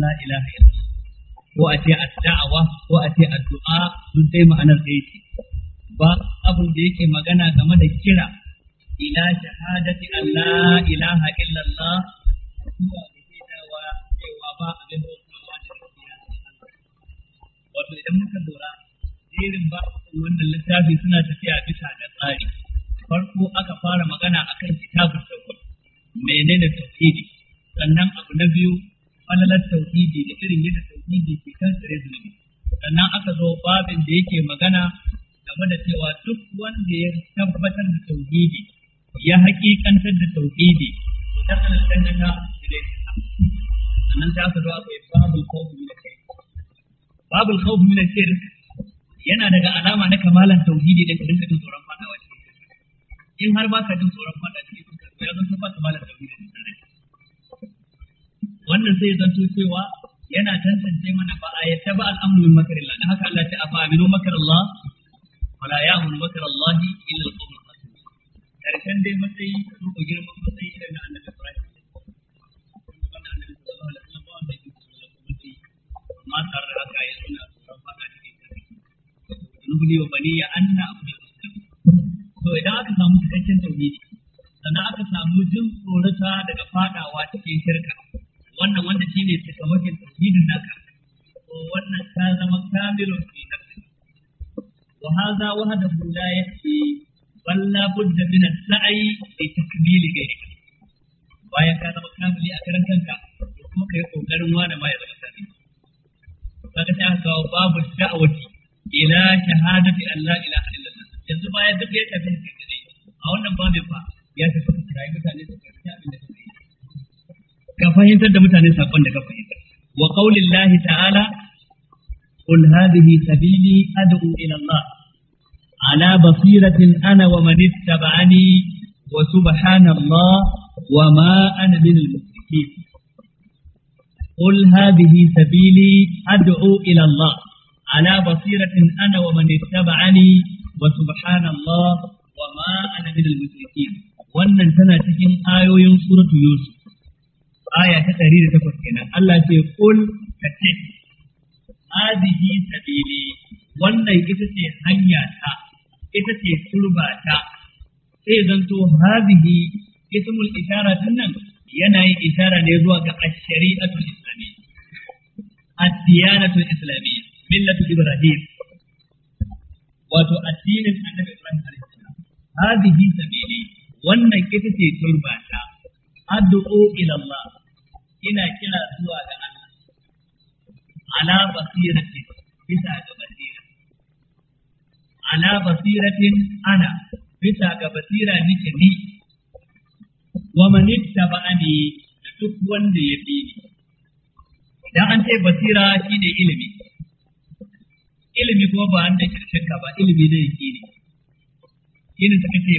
la ilaha ko a ce ad ko a ce addu'a duk dai ma'anar da ba abin da yake magana game da kira ila shahadati an ilaha illallah da wato idan muka lura jerin ba wannan littafi suna tafiya bisa da tsari farko aka fara magana akan kitabun tauhid menene tauhidi sannan abu na biyu falalar tauhidi da irin yadda tauhidi ke kan kankare zunubi sannan aka zo babin da yake magana game da cewa duk wanda ya tabbatar da tauhidi ya hakikantar da tauhidi to ta sanar jannata da dai sannan ta aka zo aka yi babul khawfi min al-khair babul khawfi min al-khair yana daga alama na kamalan tauhidi da ka dinka jin tsoron fada cikin in har ba ka jin tsoron fada cikin ya zama ka kamalan wannan sai ya zanto cewa yana tantance mana ba a yadda ba al'amru min makarillah dan haka Allah ya ce afa aminu makarallah wala ya'munu makarallahi illa al-qawm al-fasiqun karshen dai matsayi ka duba girman mutane sakon da ka fahimta wa qaulillahi ta'ala qul hadhihi sabili ad'u ila Allah ala basiratin ana wa man ittaba'ani wa subhanallah wa ma ana min al-mushrikin qul hadhihi sabili ad'u ila Allah ala basiratin ana wa man ittaba'ani wa subhanallah wa ma ana min al-mushrikin wannan tana cikin ayoyin suratu yusuf aya ta 108 kenan Allah ce kul kace hadihi sabili wannan ita ce hanya ta ita ce turba ta sai zanto hadihi ismul isharar nan yana yin ne zuwa ga ash-shari'atul islamiyya ad-diyanatul islamiyya millatu ibrahim wato addinin annabi sabili wannan ita ce turba ta ina kira zuwa ga Allah ala basiratin bisa ga basira ala basiratin ana bisa ga basira nake ni wa man ittaba'ani da duk wanda ya bi ni idan an ce basira shine ilimi ilimi ko ba an da ka ba ilimi ne yake ne shine take ce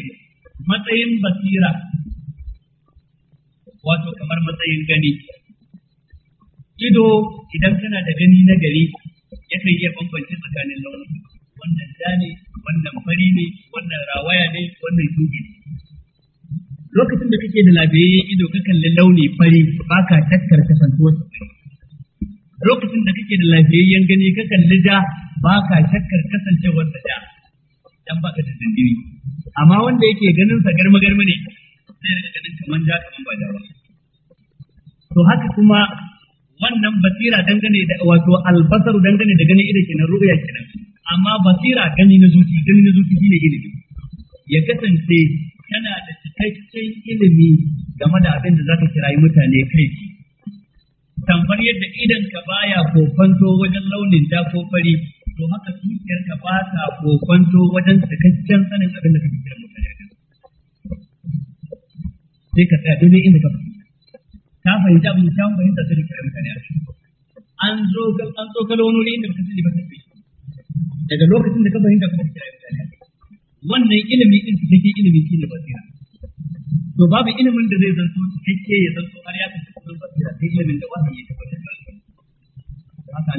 matsayin basira wato kamar matsayin gani ido idan kana da gani na gari yakan iya bambance tsakanin launi wannan ja ne wannan fari ne wannan rawaya ne wannan shuɗi ne lokacin da kake da labiyayyen ido ka kalli launi fari baka shakkar kasantuwar lokacin da kake da lafiyayyen gani ka kalli ja baka shakkar kasancewar da ja dan baka da dindiri amma wanda yake ganin sa garma garma ne zai rika ganin kaman ja kaman ba jawa to haka kuma wannan basira dangane da wato albasaru dangane da ganin ido kenan ru'ya kenan amma basira gani na zuci gani na zuci shine ilimi ya kasance kana da cikakken ilimi game da abin da zaka kirayi mutane kai tamfar yadda idan ka baya kofanto wajen launin da ko fari to haka zuciyarka ba ta kofanto wajen cikakken sanin abin da kake kira mutane sai ka tsaya daidai inda ka fahimta Ta fahimci abin da kyawun fahimta sai da kira mutane a cikin an zo an zo kalo wani wuri inda ka sani ba ka fi daga lokacin da ka fahimta kuma kira mutane a cikin wannan ilimi din cikakken ilimi shi ne basira to babu ilimin da zai zanto cikakke ya zanto har ya tafi cikin basira sai ilimin da wahayi ya tabbatar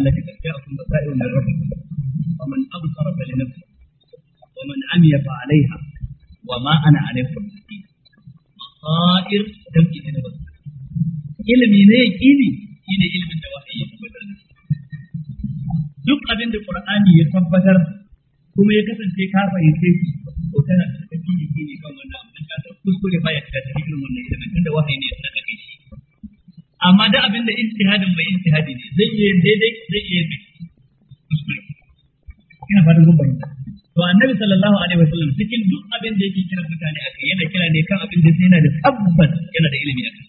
da shi haka Allah ya karbi a kun basa'ir min rabbi wa man absara fa li nafsi wa man amiya fa alaiha wa ma ana alaikum sa'ir dan ki ne ba ilimi ne yaqini shine ilimin da wahayi ya tabbatar duk abin da qur'ani ya tabbatar kuma ya kasance ka fahimce shi to tana da cikakken yaqini kan wannan abin ka san kuskure ba ya kada irin wannan ilimin tunda wahayi ne ya sanar da shi amma da abin da ijtihadin bai ijtihadi ne zai yi daidai zai yi kuskure ina fatan kun bayyana to annabi sallallahu alaihi wasallam cikin duk abin da yake kiran mutane a kai yana kira ne kan abin da yana da tabbas yana da ilimi a kai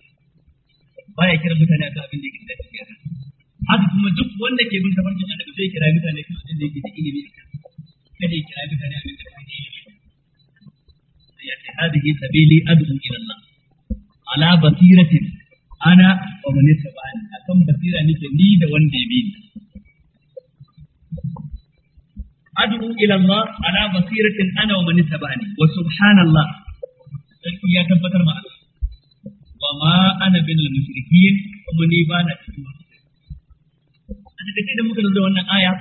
baya kiran mutane akan abin da yake da tafiya haka kuma duk wanda ke bin tafarkin annabi zai kira mutane kan abin da yake da ilimi a kai kada ya kira mutane abin da yake da ilimi sai ya ce hadihi sabili ad'u ila Allah ala basiratin ana wa man tabani akan basira nake ni da wanda ya bi ni ad'u ila Allah ala basiratin ana wa man tabani wa subhanallah sarki ya tabbatar ma Allah wa ma ana bin al ba na cikin a daga idan muka lura wannan aya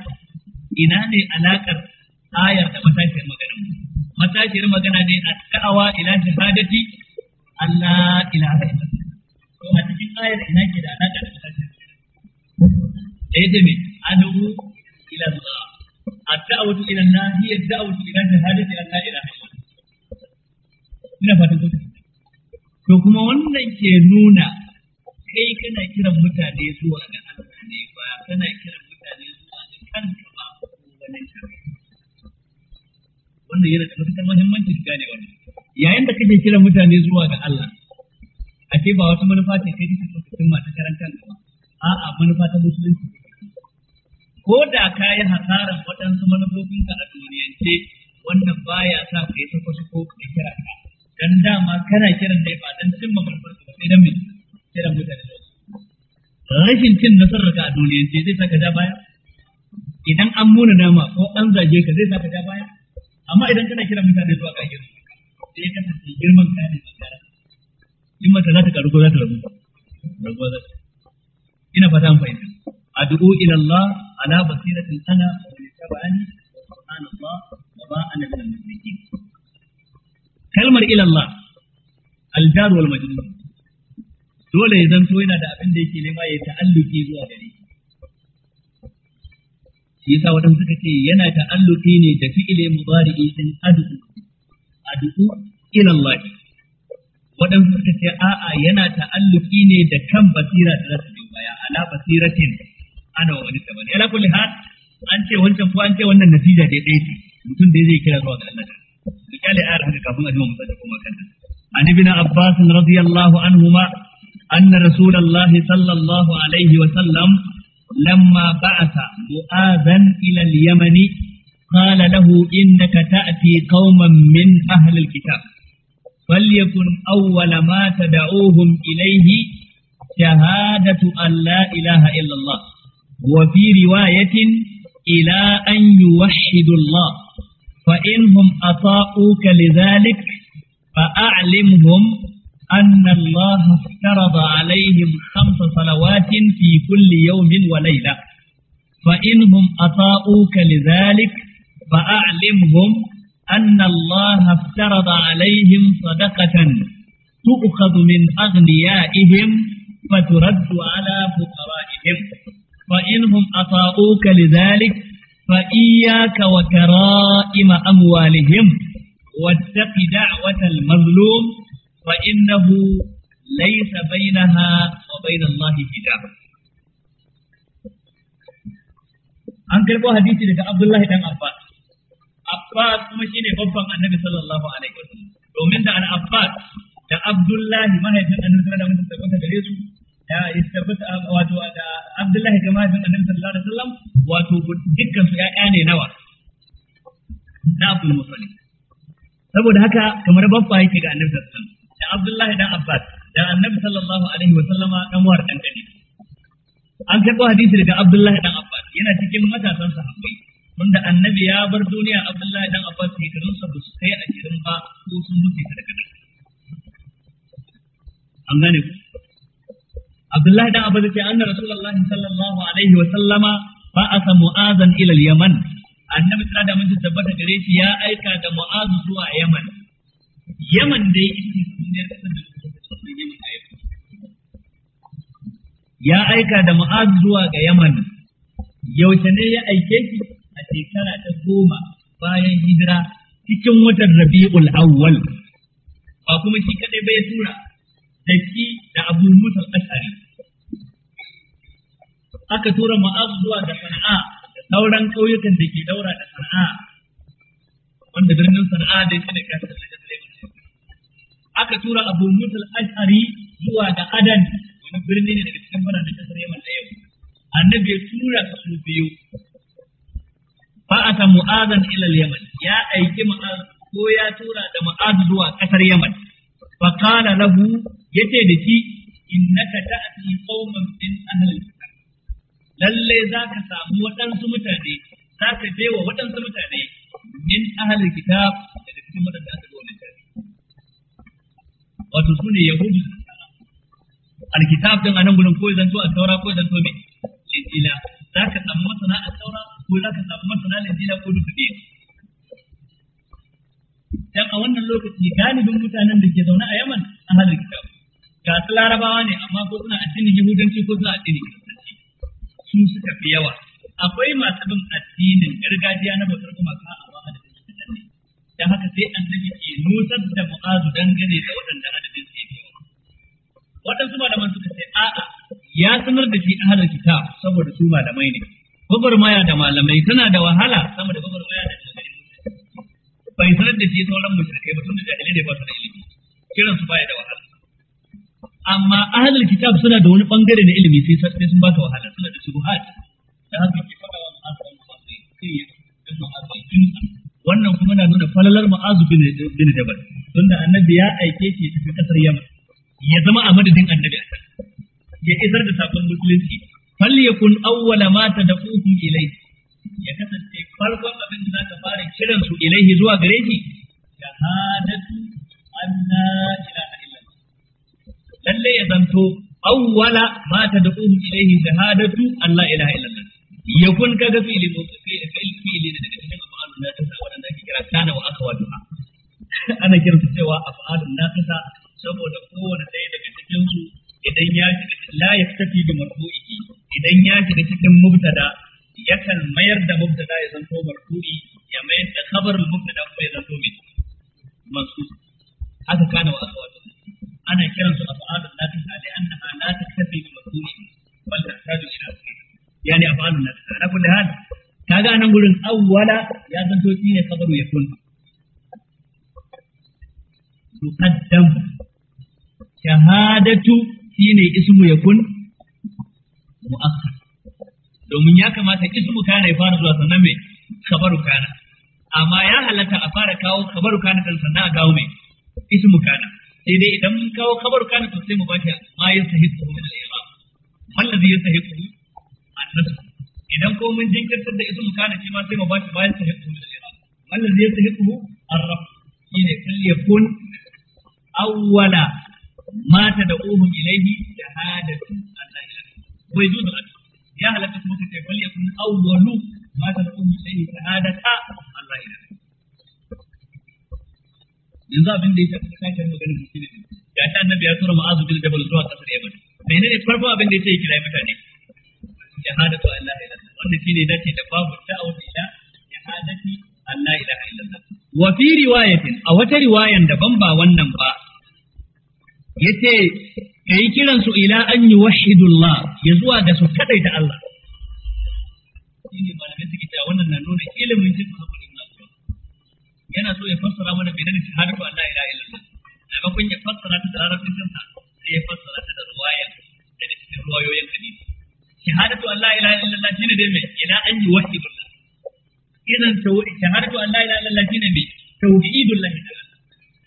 ina ne alakar ayar da matashiyar magana matashiyar magana ne Allah ilaha shirmance zai saka ja baya idan an muna nama ko an zage ka zai saka ja baya amma idan kana kira mutane zuwa ga girma sai ka tafi girman ka ne magana in mata za ta karu ko za ta rabu rabuwa za ta ina fata an fahimta ad'u ila Allah ala basiratin ana wa tabani subhanallah wa ma ana min al-mushrikin kalmar ila Allah al-jar wal majnun dole ya zanto yana da abin da yake nema ya ta'alluki zuwa gare shi yasa wadanda suka ce yana ta'alluqi ne da fi'ile mudari'i din adu adu ila Allah wadanda suka ce a'a yana ta'alluqi ne da kan basira da zasu biyo baya ala basiratin ana wa wani tabani ala kulli hal an ce wancan ko an ce wannan natija dai dai ce mutum dai zai kira zuwa ga Allah ta misali ayar haka kafin a ji mu da kuma kanta an ibn abbas radiyallahu anhuma anna rasulullahi sallallahu alaihi wa sallam لما بعث مؤاذا إلى اليمن قال له إنك تأتي قوما من أهل الكتاب فليكن أول ما تدعوهم إليه شهادة أن لا إله إلا الله وفي رواية إلى أن يوحدوا الله فإنهم أطاؤوك لذلك فأعلمهم أن الله افترض عليهم خمس صلوات في كل يوم وليلة فإنهم أطاؤوك لذلك فأعلمهم أن الله افترض عليهم صدقة تؤخذ من أغنيائهم فترد على فقرائهم فإنهم أطاؤوك لذلك فإياك وكرائم أموالهم واتق دعوة المظلوم فإنه Laisa bainaha wa bain Allah hijab an karbo hadisi daga Abdullahi dan Abbas Abbas kuma shine babban Annabi sallallahu alaihi wasallam domin da al Abbas da Abdullahi mahaifin Annabi sallallahu alaihi wasallam gare su da tabbata wato da Abdullahi ga mahaifin Annabi sallallahu alaihi wasallam wato dukkan su ya ne nawa na Abdul Muttalib saboda haka kamar babba yake ga Annabi sallallahu alaihi wasallam da Abdullahi dan Abbas dan annabi sallallahu alaihi wa sallama dan war dan kadi an karbo hadisi daga abdullahi dan abbas yana cikin matasan sahabbai wanda annabi ya bar duniya abdullahi dan abbas shekarun sa su kai cikin ba ko sun mutu da kada an gane ku abdullahi dan abbas ce annabi rasulullahi sallallahu alaihi wa sallama ba ba'atha mu'azan ila yaman annabi tsara da mun tabbata gare shi ya aika da mu'azu zuwa yaman yaman dai ita ce sunan da ya aika da ma'azuwa zuwa ga yaman yaushe ne ya aike shi a shekara ta goma bayan hijira cikin watan rabi'ul awwal ba kuma shi kadai bai tura da shi da abu musa ashari aka tura ma'az zuwa ga sana'a da sauran ƙauyukan da ke daura da sana'a wanda birnin sana'a da shi da kasar aka tura abu mutul ashari zuwa da adan wani birni ne daga cikin biranen kasar yaman a yau annabi ya tura kaso biyu fa'ata mu'azan ila yaman ya aiki mu'az ko ya tura da mu'az zuwa kasar yaman fa kana lahu yace da shi innaka ta'ti qauman min ahli lalle zaka samu waɗansu mutane zaka je wa waɗansu mutane min ahli kitab daga cikin waɗanda aka wato sune yahudu alkitab din anan gurin ko zo a taura ko zan zo me injila zaka samu masana a taura ko zaka samu masana a injila ko duka biyu dan a wannan lokaci galibin mutanen da ke zaune a Yaman halin kitab ga su larabawa ne amma ko suna addinin yahudanci ko suna addinin kiristanci su suka fi yawa akwai masu bin addinin gargajiya na bautar ka dan haka sai annabi ke nutar da mu'azu dangane da waɗanda adadin su biyu yawa waɗansu malaman suka ce a'a ya sanar da shi ahlul kitab saboda su malamai ne gwagwarmaya da malamai tana da wahala sama da gwagwarmaya da jahilai bai sanar da shi sauran mushrikai ba tun da jahilai ne ba su da ilimi kiran su baya da wahala amma ahlul kitab suna da wani bangare na ilimi sai sai sun baka wahala suna da shubuhat da haka ke wannan kuma na nuna falalar ma'azu bin jabal tunda annabi ya aike shi tafi kasar yaman ya zama a madadin annabi a ya isar da sakon musulunci yakun awwala ma tad'uhum ilayhi ya kasance farkon abin da zaka fara kiran su ilaihi zuwa gare shi shahadatu anna ilaha illallah lalle ya zanto awwala ma tad'uhum ilayhi shahadatu an la ilaha illallah yakun kaga fi'li fi'li fi'li daga cikin af'alun naqisa wadanda ake kira kana wa akhawatuha ana kiransu cewa af'alun naqisa saboda kowane ɗaya daga cikin idan ya shiga cikin la yaktafi bi marfu'ihi idan ya shiga cikin mubtada yakan mayar da mubtada ya zanto marfu'i ya mayar da khabarul mubtada kuma ya zanto mai masu haka kana wa akhawatuha ana kiransu af'alun naqisa li'annaha la taktafi bi marfu'ihi bal tahtaju ila yani af'alun naqisa na kulli hal kaga nan gurin awwala ya zanto shi ne kabaru ya kun kaddam shahadatu shine ismu ya kun mu'akkar domin ya kamata ismu kana ya fara zuwa sannan mai kabaru kana amma ya halatta a fara kawo kabaru kana kan sannan a kawo mai ismu kana sai dai idan mun kawo kabaru kana to sai mu bashi ma yastahiqu min al-i'rab man ladhi yastahiqu an-nasb idan ko mun jinkirtar da mu kana shi ma sai mu bashi bayan sa hikmu da irada allazi yastahiqu ar-rabb shine kul yakun awwala ma tad'uhum ilayhi shahadatu allah ila wai zuwa ya halaka kuma kace kul yakun awwalu ma tad'uhum ilayhi shahadata allah ila yanzu abin da ya shafi kashin maganar mutum ne Ya ta annabi ya tura ma'azu bil jabal zuwa kasar yaman menene farko abin da yake kira mutane shahadatu an la ilaha illallah wannan shine da babu da'awar ila shahadati an la ilaha illallah wa fi riwayatin a wata riwayan daban ba wannan ba yace kai kiran su ila an Allah ya zuwa da su kadaita Allah shine malamai wannan na nuna ilimin jin hakuri na yana so ya fassara mana bidan shahadatu an la ilaha illallah ya fassara ta da sai ya fassara ta da riwaya da cikin riwayoyin hadisi shahadatu Allah ilaha illallah shine dai mai ila an yi wahidullah idan shahadatu Allah ilaha illallah shine mai tauhidullah ta'ala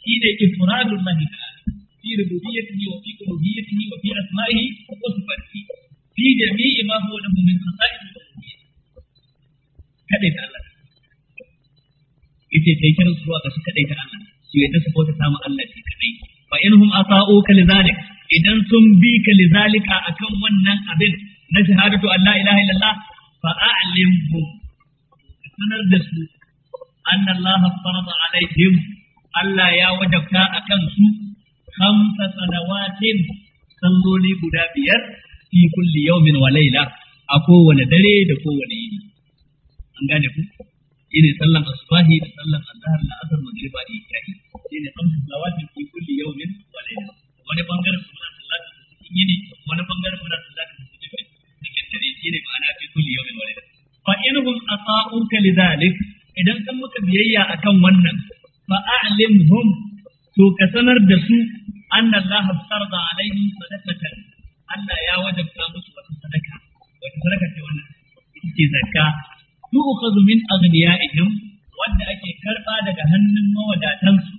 shine ifradullah ta'ala fi rububiyyatihi wa fi uluhiyyatihi wa fi asma'ihi wa sifatihi fi jami'i ma huwa lahu min khasa'is kadai ta Allah yace Ita ce su zuwa ga su kadai ta Allah su yadda su bauta samu Allah shi kadai fa inhum ata'uka lidhalik idan sun bi ka lidhalika akan wannan abin na shahadatu an la ilaha illallah fa a'limhu sanar da su anna Allah farada alaihim Allah ya wajabta akan su khamsa sanawatin salloli guda biyar fi kulli yawmin wa layla a kowane dare da kowane yini an gane ku shine sallan asbahi da sallan azhar da asar magriba da isha'i shine khamsa sanawatin fi kulli yawmin wa layla wani bangaren suna sallatin cikin yini wani bangaren suna sallatin kare shine ma'ana fi kulli yawmin fa inhum lidhalik idan kan muka biyayya akan wannan fa a'limhum to ka sanar da su anna Allah farda alaihim sadaqatan Allah ya wajabta musu wata sadaka wata sadaka ce wannan ita ce zakka tu'khadhu min aghniyaihim wanda ake karba daga hannun mawadatansu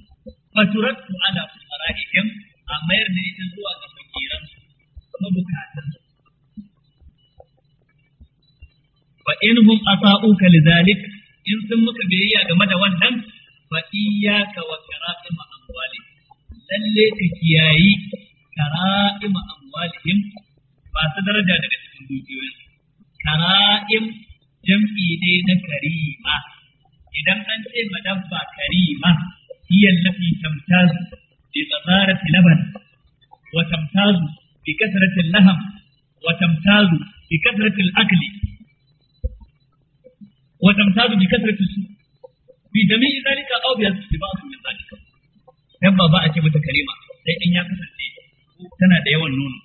faturattu ala fuqara'ihim a mayar da ita zuwa ga fakiransu mabukatan fa in hum asa'uka lidhalik in sun muka biyayya game da wannan fa iyyaka wa kara'im amwalihim lalle ka kiyayi kara'im amwalihim ba su daraja daga cikin dukiyoyin kara'im jam'i ne na karima idan an ce madabba karima hiya allati tamtazu bi tsadarati laban wa tamtazu bi kasrati laham wa tamtazu bi kasrati al-akli والأمثال بكثرة السوء بجميع ذلك أو باستباق من ذلك يبقى بقى كلمة كريمة لأن يا كثرة تنا da yawan nono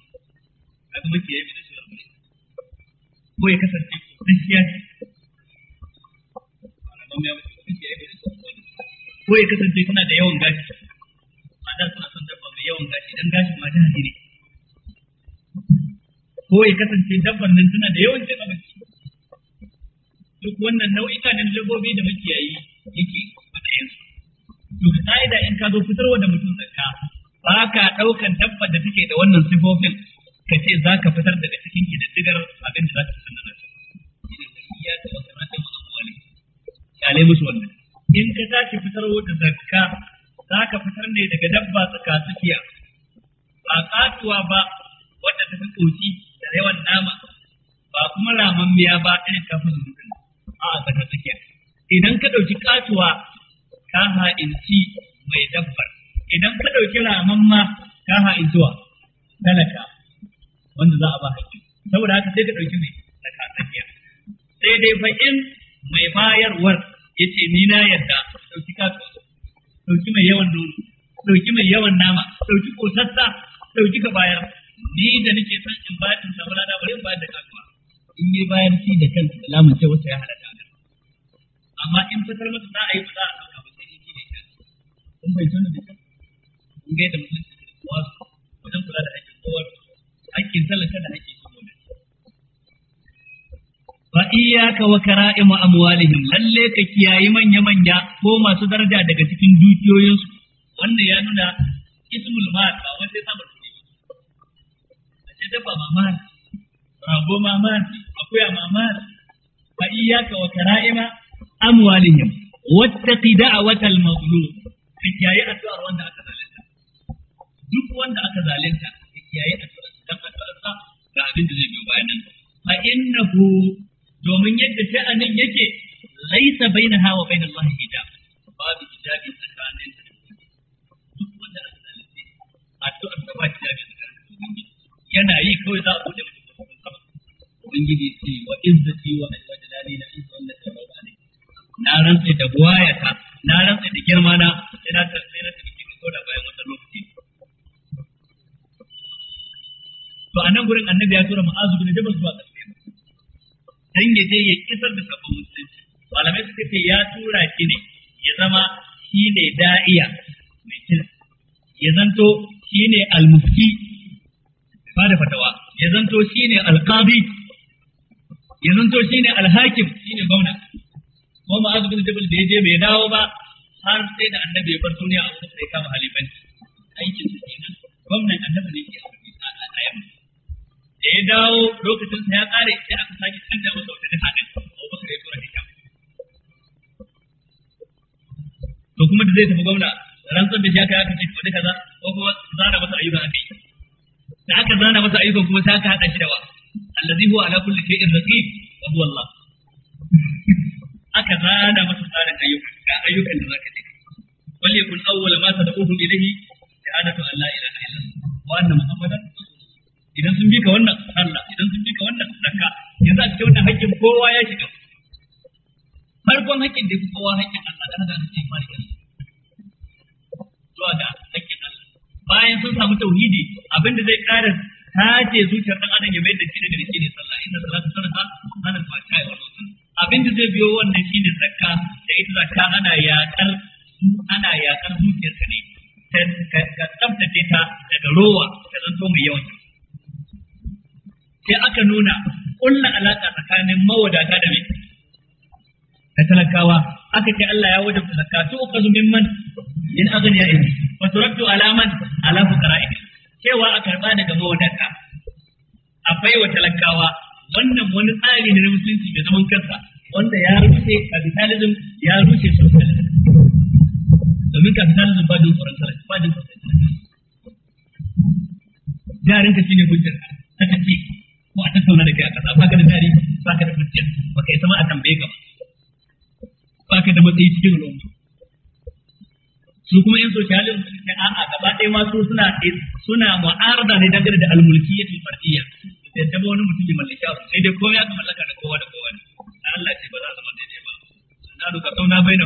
abin mace ya bi da shirar mai ko ya kasance gaskiya ko ya kasance tana da yawan gashi mata suna son dabba mai yawan gashi dan gashi ma jihadi ne ko kasance dabban nan tana da yawan cin abinci duk wannan nau'ika na dabbobi da makiyayi yake matsayin su to ka'ida in ka zo fitarwa da mutum zakka ba ka ɗaukan dabba da take da wannan sifofin ka ce za ka fitar daga cikin kididdigar abin da za ka fitar da zakka ya taɓa kamata mu abuwali kyale musu wannan in ka tashi fitarwa da zakka za ka fitar ne daga dabba tsaka tsakiya ba katuwa ba wadda ta fi ƙoci da yawan nama ba kuma ramammiya ba irin ta fi a a tsaka tsakiya idan ka ɗauki katuwa ka ha'inci mai dabbar idan ka ɗauki raman ma ka ha'inci zuwa talaka wanda za a ba haƙƙi saboda haka sai ka ɗauki mai tsaka tsakiya sai dai fa mai bayarwar yace ni na yarda ɗauki katuwa ɗauki mai yawan nono iyyaka wa kara'ima amwalihim lalle ka kiyayi manya manya ko masu daraja daga cikin dukiyoyinsu wannan ya nuna ismul mal ba wanda ya saba kuɗi a ce dafa ma mal rago ma mal akuya ma mal fa iyyaka wa kara'ima amwalihim wattaqi da'watal maghlub annabi ya bar duniya a wurin da ya kama halifanci aikin sa kenan gwamnan annabi ne ke a yamma da ya dawo lokacin sa ya kare sai aka sake canza masa wata jiha din da ya tura hijab to kuma da zai tafi gwamna rantsar da shi aka aka ce wani za ko kuma zana masa ayyukan aka yi da aka zana masa ayyukan kuma sai aka haɗa shi da wa allazi huwa ala kulli shay'in raqib wa huwa Allah aka zana masa tsarin ayyukan ayyukan da zaka yi وليكن أول ما تدعوهم إليه شهادة أن لا إله إلا الله وأن محمدا idan sun bi ka wannan sallah idan sun bi ka wannan zakka yanzu a cikin wannan haƙƙin kowa ya shiga farkon haƙƙin da kowa haƙƙin Allah dan da suke fara kin zuwa ga haƙƙin Allah bayan sun samu tauhidi abinda zai ƙara tace zuciyar dan adam ya mai da shi daga rishi ne sallah inna salatu sanaha hana fata ya wasu abinda zai biyo wannan shine zakka da ita zakka ana yaƙar su ana yakar zuciyarka ne ka tsabtace ta daga rowa ka zanto mai yawan sai aka nuna kulla alaka tsakanin mawadata da mai da talakawa aka ce Allah ya wajen talaka su uka zumin man in ya in wa turaddu alaman ala fuqara'i cewa a karɓa daga mawadata a baiwa talakawa wannan wani tsari ne na musulunci mai zaman kansa wanda ya rushe kapitalism ya rushe socialism domin capitalism ba don tsoron talaka ba don tsoron talaka jarin ka shine hujjar ta kace ko a tattauna da kai a kasa ba ka da jari ba ka da hujjar ba ka yi sama a tambaye ka ba ka da matsayi cikin al'umma su kuma yan socialin su ne a gaba ɗaya masu suna suna mu'arada ne dangane da almulkiyyatul fardiyya da ta wani mutum ya mallaki abu sai dai ya ga mallaka da kowa da kowa ne Allah ce ba za a zama daidai ba na duka sauna bai na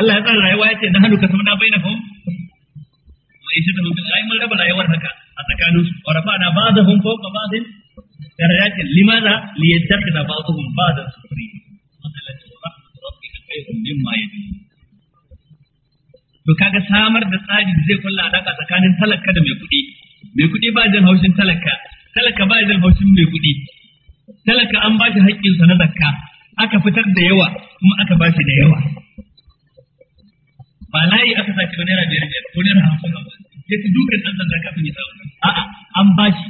Allah ya tsara rayuwa ya ce na hannu ka samuna bai na fahim mai shi da hukun ai mun raba rayuwar haka a tsakanin su wa rafa na ba da hun fauka ba da darajatin limaza li yattakhidha ba'dhum ba'dan sufri mathalan rahmatu rabbika khayrun mimma yajmaun to kaga samar da tsari zai kulla alaka tsakanin talaka da mai kuɗi mai kuɗi ba jin haushin talaka talaka ba jin haushin mai kuɗi talaka an ba shi haƙƙinsa na zakka aka fitar da yawa kuma aka ba shi da yawa ba layi aka sake ba naira biyar biyar ko naira hamsin hamsin ya ci dukan ɗan sanda kafin ya samu a'a an bashi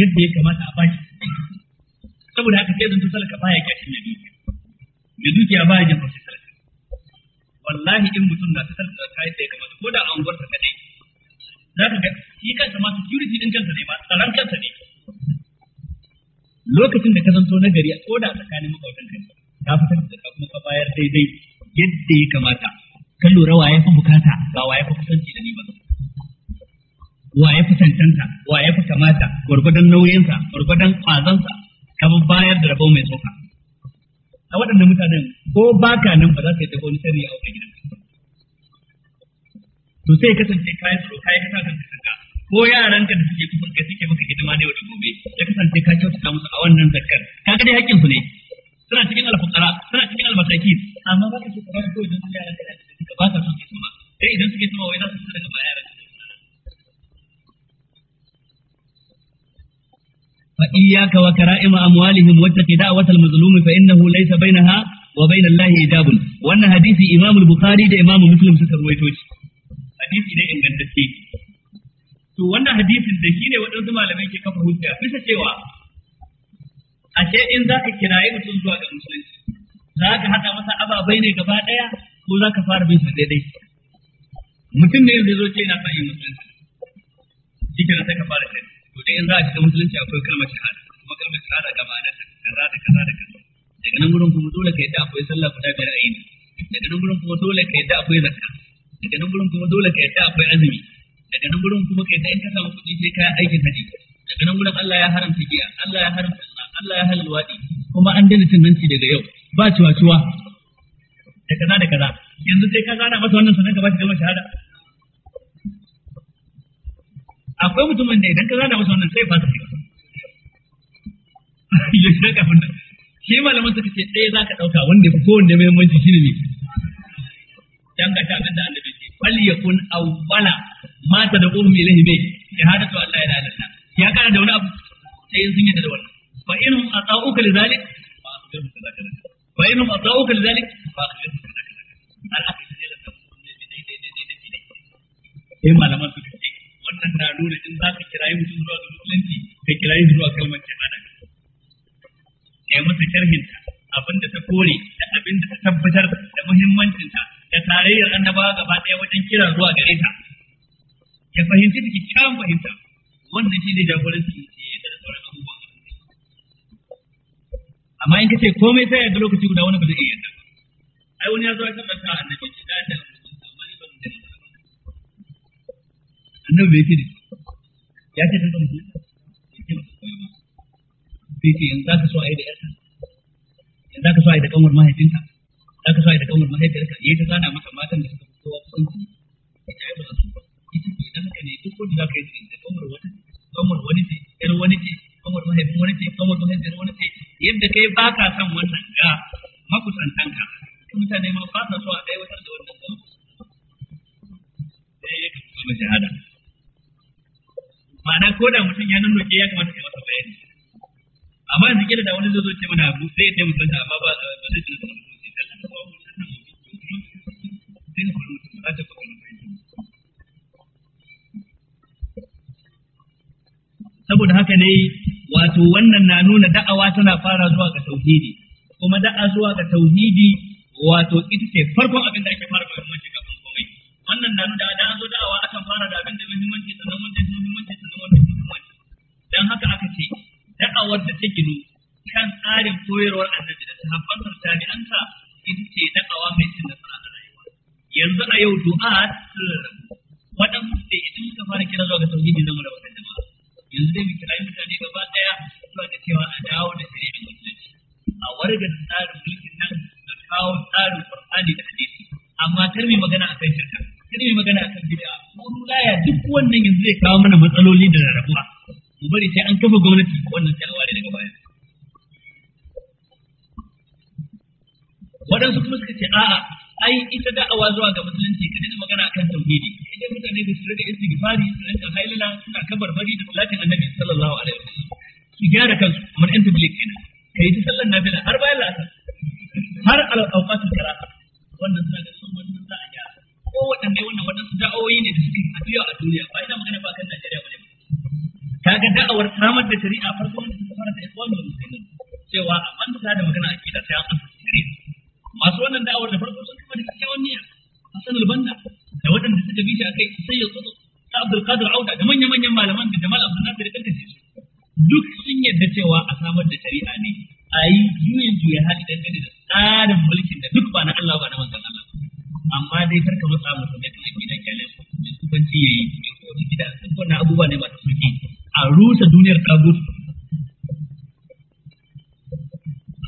yadda ya kamata a bashi saboda haka sai zanto talaka baya kyashin ya dukiya ya dukiya baya jin kwashe salaka wallahi in mutum na ta salaka ta yadda ya kamata ko da an gwarta kadai za ka ga shi kansa ma security ɗin kansa ne ba tsaron kansa ne lokacin da ka zanto na gari ko da tsakanin makwabtan kai ka fitar da ka kuma ka bayar daidai yadda ya kamata lura wa ya fi bukata ba wa ya fi kusanci da ni ba wa ya fi cancanta wa ya fi kamata gwargwadon nauyinsa gwargwadon kwazansa kamar bayar da rabo mai tsoka a waɗannan mutanen ko baka nan ba za su yi tafi wani sani a wajen gidan to sai kasance kayan tsaro kayan kasa kan kasanga ko yaran ka da suke kusa kai suke maka hidima ne wata gobe ya kasance ka kyautata musu a wannan zakkar Ka gani hakkin ne suna cikin alfukara suna cikin almasaki amma ba ka ce ka ba su kowace don yaran da sai idan suke tuba wai za su daga baya yaran فإياك وكرائم أموالهم واتق دعوة المظلوم فإنه ليس بينها وبين الله حجاب وأن حديث إمام البخاري ده إمام مسلم سكر ويتوش حديث إنه إن قدت to wannan hadisin da shine waɗansu malamai ke kafa hujja bisa cewa ashe in zaka kiraye mutum zuwa ga musulunci za ka haɗa masa ababai ne gaba ɗaya ko za ka fara bin su daidai mutum ne yanzu zo yana son yin musulunci shi kenan sai ka fara kai to dai in za a shiga musulunci akwai kalmar shahada kuma kalmar shahada ga ma'anar ta kaza da kaza da kaza daga nan gurin kuma dole ka yadda akwai sallah guda biyar a yini daga nan gurin kuma dole ka yadda akwai zakka daga nan gurin kuma dole ka yadda akwai azumi daga nan gurin kuma ka yadda in ka samu kuɗi sai ka aikin haji daga nan gurin Allah ya haramta giya Allah ya haramta Allah ya halal wadi kuma an daina cin nanci daga yau ba ciwa-ciwa da kaza da kaza yanzu sai ka gana masa wannan sanan ka ba shi kalmar shahada akwai mutumin da idan ka zana masa wannan sai ya fasa shiga ya shiga kafin nan shi malaman suka ce ɗaya za ka ɗauka wanda wanda mai muhimmanci shi ne ne dan ka ta da annabi ce fal yakun awwala ma da ilayhi bi shahadatu ya hada ilaha Allah ya kana da wani abu sai sun yadda da wannan fa inhum ata'uka lidhalik fa akhbirhum kadhaka fa inhum ata'uka lidhalik fa akhbirhum kadhaka al-aqli lidhalik eh da suka wannan na nuna in za ka kirayi mutum zuwa ga musulunci ka kirayi zuwa kalmar shahada kai masa sharhinta abin da ta kore da abin da ta tabbatar da muhimmancinta da tarayyar annabawa gaba ɗaya wajen kira zuwa gare ta ya fahimci da kyakkyawan fahimta wannan shi ne jagoranci ya da sauran abubuwan amma in ka ce komai sai ya ga lokaci guda wani ba zai iya ba ai wani ya zo ya tabbata nan bai ce da ya ce ta zama ya ce ta yanzu za ka so a yi da yarka yanzu za ka so a yi da kanwar mahaifinka za ka so a yi da kanwar mahaifiyarka ya yi ta zana maka matan da suka fi kowa kusanci ya ce ba su ba ita ce idan haka ne duk wanda za ka yi da kanwar kanwar wani ce yar wani ce kanwar mahaifin wani ce kanwar mahaifiyar wani ce yadda kai ba ka son wannan ko da mutum ya nuna ke ya kamata kai masa bayani amma yanzu kila da wani zai zo ce mana abu sai ya ce mutum ta amma ba ba zai tuna sunan mutum sai ka ba mutum nan sai ka kula mutum ta kula saboda haka ne wato wannan na nuna da'awa tana fara zuwa ga tauhidi kuma da'a zuwa ga tauhidi wato ita ce farkon abin da ake fara to gomnati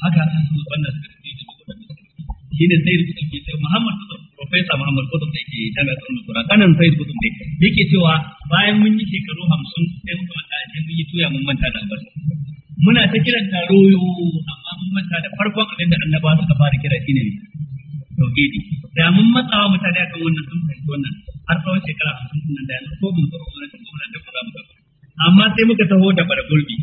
haka hasan su wannan suka ce da kuma shine sayyid kutub ke cewa muhammad kutub professor muhammad kutub da ke ta ulum qura kanan sayyid kutub ne yake cewa bayan mun yi shekaru 50 sai muka manta sai mun yi tuya mun manta da albasa muna ta kiran taro amma mun manta da farkon abin da annabawa suka fara kira shine ne da mun matsawa mutane akan wannan sun fahimci wannan har tsawon shekara hamsin nan da yanzu ko mun zo mun ta gwamnati da kuma amma sai muka taho da bargurbi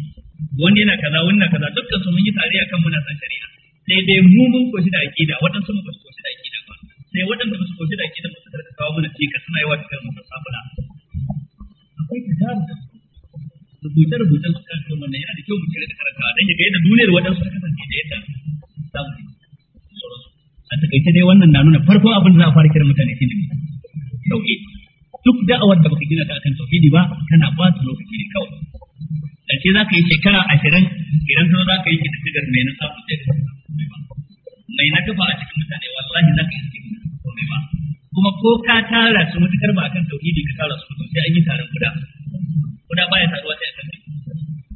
wani yana kaza wani na kaza dukkan su mun yi tare akan muna san shari'a sai dai mu mun koshi da aqida waɗansu mu koshi da aqida ba sai waɗanda ba su koshi da aqida ba su da kawo mana ka suna yi wa cikin mu sabula akwai da rubuce rubuce su kan kuma ne yana da kyau mu cire da karanta dan yaga yadda duniyar waɗansu ta kasance da yadda zamu yi a takaice dai wannan na nuna farkon abin da za a fara kiran mutane shi ne tauhid duk da'awar da baka gina ta akan tauhidi ba kana ba ta lokaci ne kawai karshe za ka yi shekara ashirin idan ka za ka yi shi da mai nasa sabu sai mai na tufa a cikin mutane wallahi za ka yi sigar komai ba kuma ko ka tara su mutukar ba akan tauhidi ka tara su sai an yi taron kuda kuda baya taruwa sai akan sai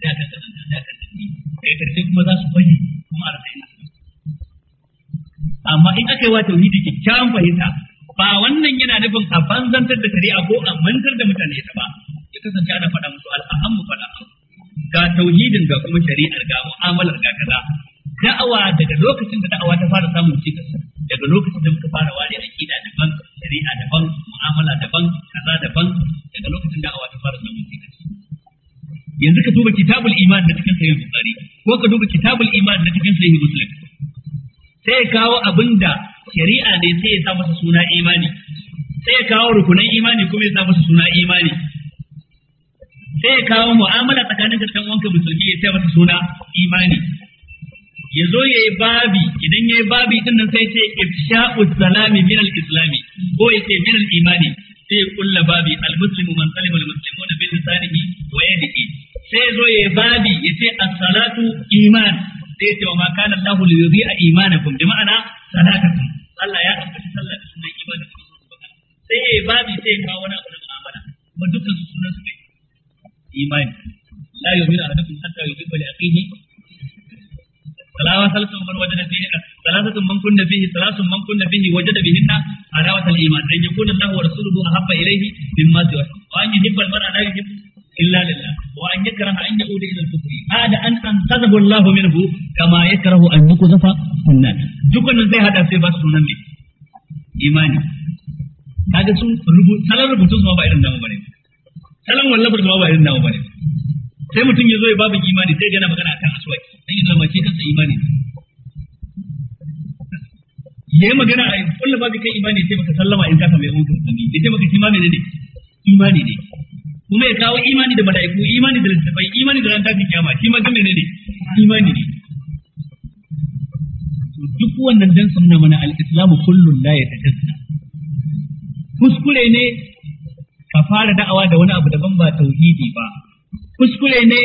akan kasance sai akan tafi sai karshe kuma za su bayi kuma a rasa amma in aka yi wa tauhidi kyakkyawan fahimta ba wannan yana nufin a banzantar da shari'a ko a mantar da mutane ta ba ya kasance ana faɗa musu al'ahammu faɗa ga tauhidin ga kuma shari'ar ga mu'amalar ga kaza da'awa daga lokacin da da'awa ta fara samun cikas daga lokacin da muka fara ware aqida daban shari'a daban mu'amala daban kaza daban daga lokacin da'awa ta fara samun cikas yanzu ka duba kitabul iman na cikin sahih bukhari ko ka duba kitabul iman na cikin sahih muslim sai ya kawo abinda shari'a ne sai ya sa masa suna imani sai ya kawo rukunan imani kuma ya sa masa suna imani sai ya kawo mu'amala tsakanin ka wanka musulmi ya sai masa suna imani ya zo ya yi babi idan ya yi babi din nan sai ce ifsha'u salami min al-islami ko ya ce min al-imani sai ya kulla babi al-muslimu man salima al-muslimuna bi lisanihi wa yadihi sai ya zo ya yi babi ya ce as-salatu iman sai ya ce wa ma kana Allahu li yudhi'a imanakum bi ma'ana salatakum Allah ya ambaci sallah da sunan imani sai ya yi babi sai ya kawo wani abu da mu'amala kuma dukkan sunan su ne imani la yu'minu ahadukum hatta yuhibba li akhihi salawa salatun man wajada fihi salatun man kunna fihi salatun man kunna fihi wajada bihi ta alawat iman dan yakuna Allah wa rasuluhu ahabba ilayhi mimma siwa wa an yuhibba al-mar'a la yuhibbu illa lillah wa an yakraha an yauda ila al-kufri hada an tanqadahu Allah minhu kama yakrahu an yukuzafa sunnah dukkan zai hada sai ba sunan ne imani kaga sun rubu salar rubutun su ba irin da namu bane salon wallafar ma ba irin nawa bane sai mutum ya zo ya babu imani sai gana magana akan aswaki dan ya zama shi kansa imani yayi magana a kulla babu kai imani sai maka sallama in ka samu yan uwanka musulmi sai maka imani ne imani ne kuma ya kawo imani da mala'iku imani da littafai imani da ran tafi kiyama shi ma game ne imani ne duk wannan dan sunna mana al-islamu kullun la yatajassa kuskure ne ka fara da'awa da wani abu daban ba tauhidi ba kuskure ne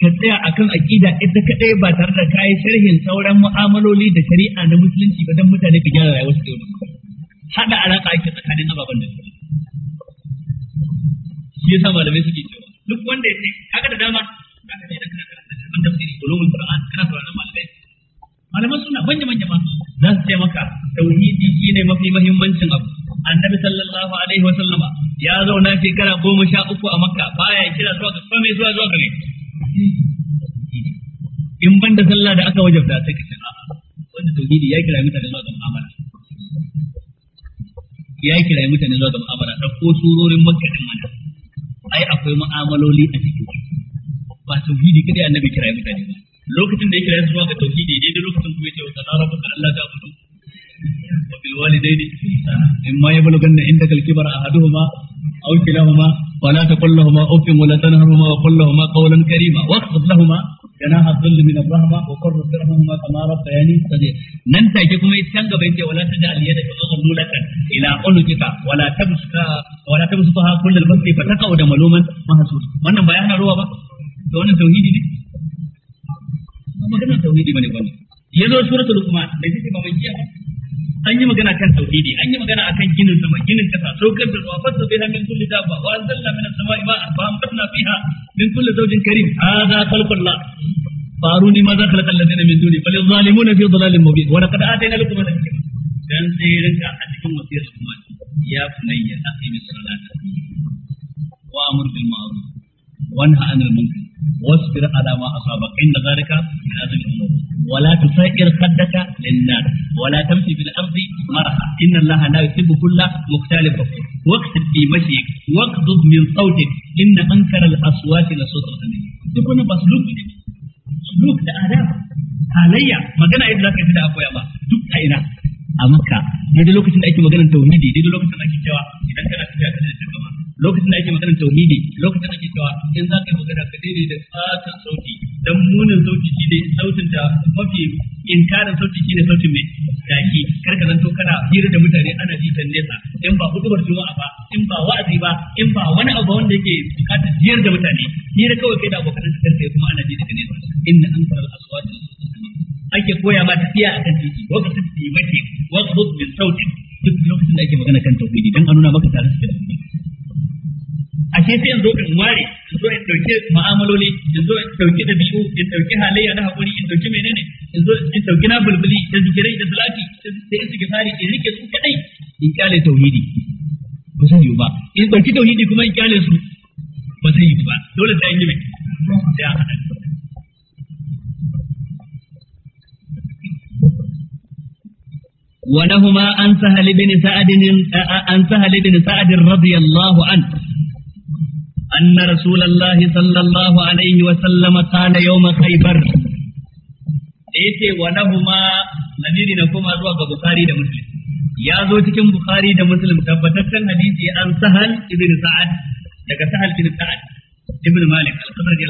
ka tsaya akan aqida ita kadai ba tare da kai sharhin sauran mu'amaloli da shari'a na musulunci ba dan mutane ka gyara rayuwar su da hada alaka ake tsakanin ababen da shi yasa malamai suke cewa duk wanda ya kaga da dama kaga da kana karanta da tafsiri ulumul qur'an kana sauraron malamai malaman suna manya manya ma za su ce maka tauhidi shine mafi muhimmancin abu annabi sallallahu alaihi wa sallama ya zauna shekara goma sha uku a makka baya kira zuwa ga mai zuwa zuwa gare in ban da sallah da aka wajabta sai ka ce a'a wanda tauhidi ya kira mutane zuwa ga mu'amala ya kira mutane zuwa ga mu'amala da ko surorin makka din mana ai akwai mu'amaloli a cikin ba tauhidi kada annabi kira mutane ba lokacin da ya kira zuwa ga tauhidi dai da lokacin kuma ya ce wa kana rabbuka Allah ta abudu وبالوالدين إحسانا إما يبلغن عندك الكبر أحدهما أو كلاهما فلا تقل لهما أف ولا تنهرهما وقل لهما قولا كريما واخفض لهما جناح الذل من الرحمة وقر رحمهما كما ربياني صغيرا نن take kuma can gaba yace wala taj'al yadaka maghlulatan ila unuka wala tabsuka wala tabsuka kullal basti fataqau da maluman mahsus wannan ba yana ruwa ba da wannan tauhidi ne magana tauhidi bane wannan yazo suratul luqman an yi magana kan tauhidi an yi magana akan ginin sama ginin kasa saukar da zuwa fasa biha min kulli ba wa zalla min as-sama'i ba an amtarna biha min kulli zawjin karim hadha khalqullah فاروني ماذا خلق الذين من دوني بل الظالمون في ضلال مبين ولقد آتينا لكم الحكمة dan sai rinka a cikin wasiyar kuma ya bunayya aqimi salata wa amr bil ma'ruf wa nha anil munkar wasbir ala ma asaba inna zalika min azmi al-umur ولا تسائر خدك للناس ولا تمشي في الارض مرحا ان الله لا يحب كل مختال فخور واقصد في مشيك واقصد من صوتك ان انكر الاصوات لصوت الغني تكون بسلوك سلوك ده آداب halayya magana yadda zaka yi da akoya ba duk a ina a daidai lokacin da ake maganar tauhidi daidai lokacin da ake cewa idan kana tafiya kana da takama lokacin da ake maganar tauhidi lokacin da ake cewa in za ka yi magana ka daidai da fatan sauti dan munin sauti ne sautin da mafi inkarin sauti ne, sautin mai daki kar ka zanto kana hira da mutane ana ji kan nesa in ba hudubar juma'a ba in ba wa'azi ba in ba wani abu wanda yake bukatar jiyar da mutane hira kawai kai da abokan ka kai kuma ana ji daga nesa inna ansar al-aswat ake koya ma tafiya akan titi wa kasbi mati wa khudh min sautin duk lokacin da ake magana kan tauhidi dan a nuna maka tarihi da ashe sai yanzu in ware in zo in dauki ma'amaloli in zo in dauki bishu in dauki halayya na hakuri in dauki menene in zo in dauki na bulbuli da zikirai da salati da in fari in rike su kadai in kyale tauhidi ba sai yi ba in dauki tauhidi kuma in kyale su ba sai yi ba dole sai in yi mai sai an hada ونهما عن سهل بن سعد عن سهل بن سعد رضي الله عنه أن رسول الله صلى الله عليه وسلم قال يوم خيبر ايتي ولهما لميري بخاري مسلم يا cikin بخاري ده مسلم tabbataccen hadisi an sahal ibn sa'ad daga sahal ibn sa'ad ibn malik al sallallahu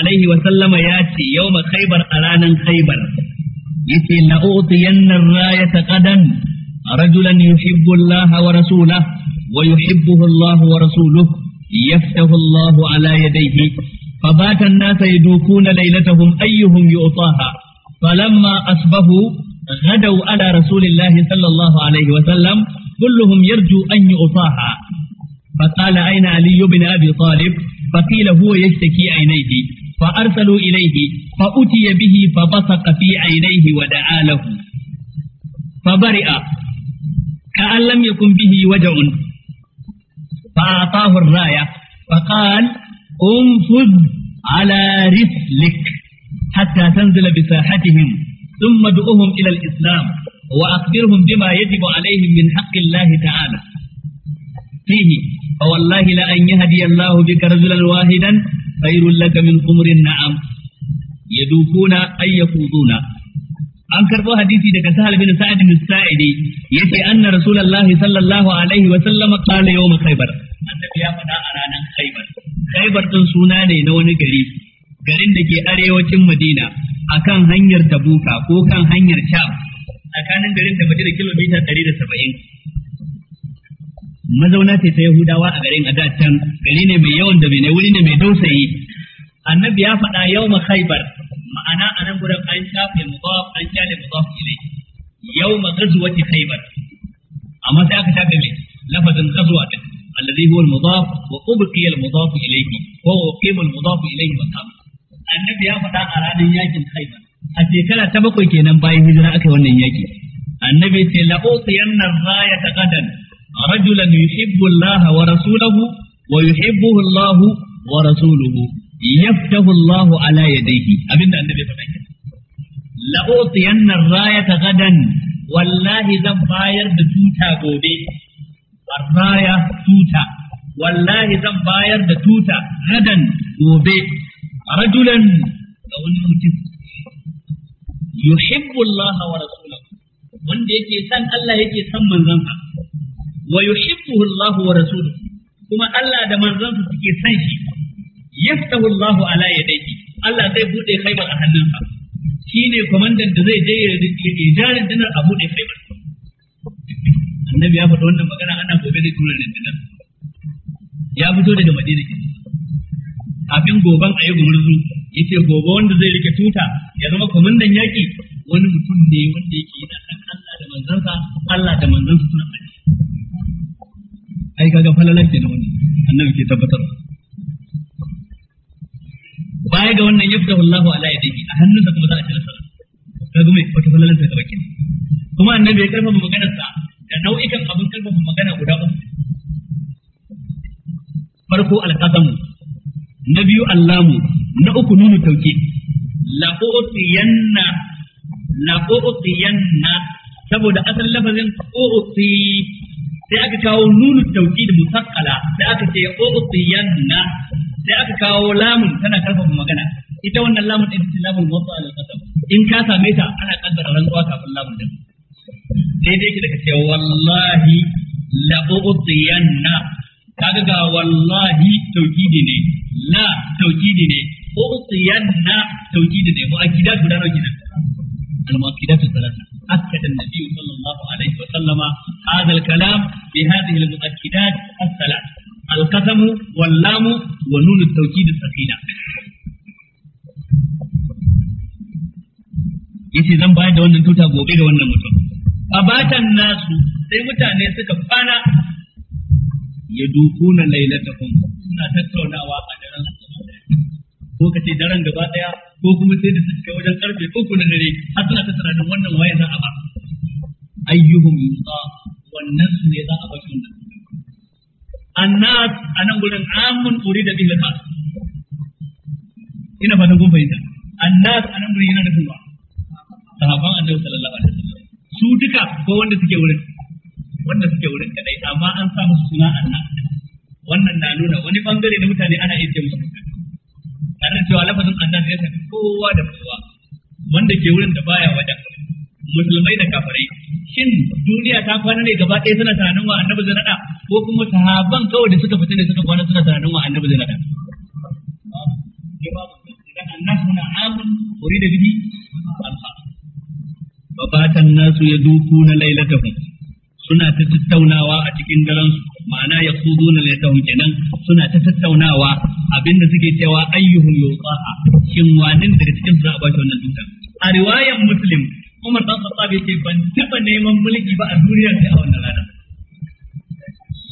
alaihi wa sallama ya ce yawma khaybar a ranan khaybar yace la utiyanna rayata qadan rajulan yuhibbu Allah wa rasulahu wa yuhibbuhu Allah wa rasuluhu yaftahu Allah ala yadayhi فبات الناس يدوكون ليلتهم أيهم يؤطاها فلما أصبحوا غدوا على رسول الله صلى الله عليه وسلم كلهم يرجو أن يؤطاها فقال أين علي بن أبي طالب فقيل هو يشتكي عينيه fa arsalu ilayhi fa utiya bihi fa basaqa fi aynayhi wa da'a lahu fa bari'a ka'an lam yakun bihi waja'un fa ataahu ar-raya fa qala انفذ على رسلك حتى تنزل بساحتهم ثم ادعوهم الى الاسلام واخبرهم بما يجب عليهم من حق الله تعالى فيه فوالله لأن يهدي الله بك رجلا واحدا khairul laka min umurin na'am yadukuna ay yaquduna an karbo hadisi daga sahal bin sa'id bin sa'idi yace anna rasulullahi sallallahu alaihi wa sallam qala yawm khaybar annabi ya faɗa a ranar khaybar khaybar din suna ne na wani gari garin da ke arewacin madina akan hanyar tabuka ko kan hanyar sham tsakanin garin da madina kilomita 170 mazauna ce ta Yahudawa a garin a can gari ne mai yawan da bai ne wuri ne mai dausayi annabi ya faɗa yau ma khaybar ma'ana a nan gurin an shafe mudaf an shafe mudaf ilai yau ma ghazwati khaybar amma sai aka shafe mai lafazin ghazwa din alladhi huwa al-mudaf wa ubqiya al-mudaf ilayhi wa uqima al-mudaf ilayhi maqam annabi ya faɗa a ranar yakin khaybar a shekara ta bakwai kenan bayan hijira aka yi wannan yaki annabi ce la'utiyanna rayata gadan rajulan yuhibbu Allah wa rasulahu wa yuhibbuhu Allah wa rasuluhu yaftahu Allah ala yadayhi abinda annabi faɗa ke la utiyanna rayata gadan wallahi zan bayar da tuta gobe raya tuta wallahi zan bayar da tuta gadan gobe ga wani mutum wa wanda yake san Allah yake san manzon sa wa yuhibbuhu Allah wa rasuluhu kuma Allah da manzansa suke san shi yaftahu Allah ala yadayhi Allah zai bude khaybar a hannunsa shine komandan da zai je ya jarin dinar a bude khaybar annabi ya faɗi wannan magana ana gobe da tura rundunar ya fito daga madina ke abin goban a yi gumurzu ya ce gobe wanda zai rike tuta ya zama kwamandan yaki, wani mutum ne wanda yake yana san Allah da manzansa Allah da manzansa suna sani ai kaga falalan ke da wani annabi ke tabbatar baya ga wannan yaftahu Allahu ala yadihi a hannun sa kuma za a ci nasara kaga mai wata falalan ta gaba kenan kuma annabi ya karfafa sa da nau'ikan abin karfafa magana guda uku farko alqasamu na biyu allamu na uku nunu tauke la utiyanna la utiyanna saboda asalin lafazin uti sai aka kawo nunu tauki da musakala sai aka ce uqtiyanna sai aka kawo lamun tana karfafa magana ita wannan lamun ita ce lamun wasu al qasam in ka same ta ana kaddara rantsuwa kafin lamun din sai dai ki daga ce wallahi la uqtiyanna kaga ga wallahi da ne la da ne uqtiyanna da ne mu akida guda nawa kenan al muakidatu salasa أكد النبي صلى الله عليه وسلم هذا الكلام بهذه المؤكدات الثلاث القسم واللام ونون التوكيد الثقيلة yace zan bayar da wannan tuta gobe ga wannan mutum abatan nasu sai mutane suka fana ya dukuna lailatahum suna tattaunawa a daren daren gaba daya ko kuma sai da suka wajen karfe uku na dare har suna ta tunanin wannan waye za a ba ayyuhum yusa wannan su ne za a ba shi wannan annas anan gurin amun urida bihi al ina fatan kun fahimta annas anan gurin yana nufin ba sahabban annabi sallallahu alaihi wasallam su duka ko wanda suke wurin wanda suke wurin kadai amma an sa musu suna annas wannan na nuna wani bangare na mutane ana iya musu tare da cewa lafazin annan ya tafi kowa da kowa wanda ke wurin da baya wajen musulmai da kafirai shin duniya ta kwana ne gaba ɗaya suna tunanin wa annabi zai nada ko kuma sahaban kawai da suka fita ne suka kwana suna tunanin wa annabi zai nada idan annas muna amun urida bihi alfa fa nasu yadukuna lailatahum suna ta tattaunawa a cikin daren ma'ana ya kudu na laitahun kenan suna ta tattaunawa abinda suke cewa ayyuhun yutsaha shin wanin daga cikin su za a ba shi wannan tutar a riwayar muslim Umar dan Khattab yake ban taba neman mulki ba a duniyar sai a wannan ranar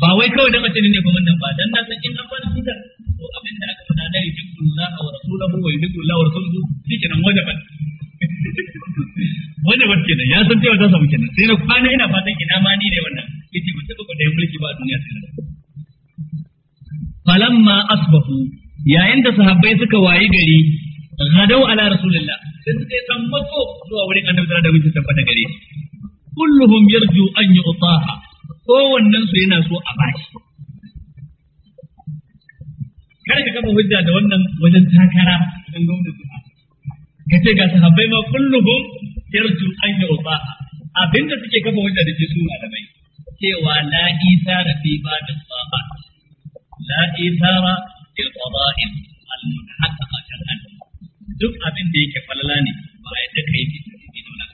ba wai kawai dan ace ne kuma nan ba dan na san in an bani tutar to abinda aka fada da yuhibbu Allah wa rasuluhu wa yuhibbu wa rasuluhu shikenan wajaban wani wacce da ya san cewa ta samu kenan sai na kwana ina fatan ina ma ni ne wannan yace ba taba da mulki ba a duniya sai na falamma asbahu yayin da sahabbai suka wayi gari gadau ala rasulillah sai suka yi tambako zuwa wurin annabi da wuce tabbata gare shi kulluhum yarju an yu'taha kowannen su yana so a bashi kada ka kafa hujja da wannan wajen takara don gwamnati ka ce ga sahabbai ma kulluhum yarju an yauba abinda suke kafa hujja da shi su malamai cewa la isara fi ba da saba la isara fil qada'in al mutahaqqaqa shar'an duk abin da yake falala ne ba ya da kai ki ki dole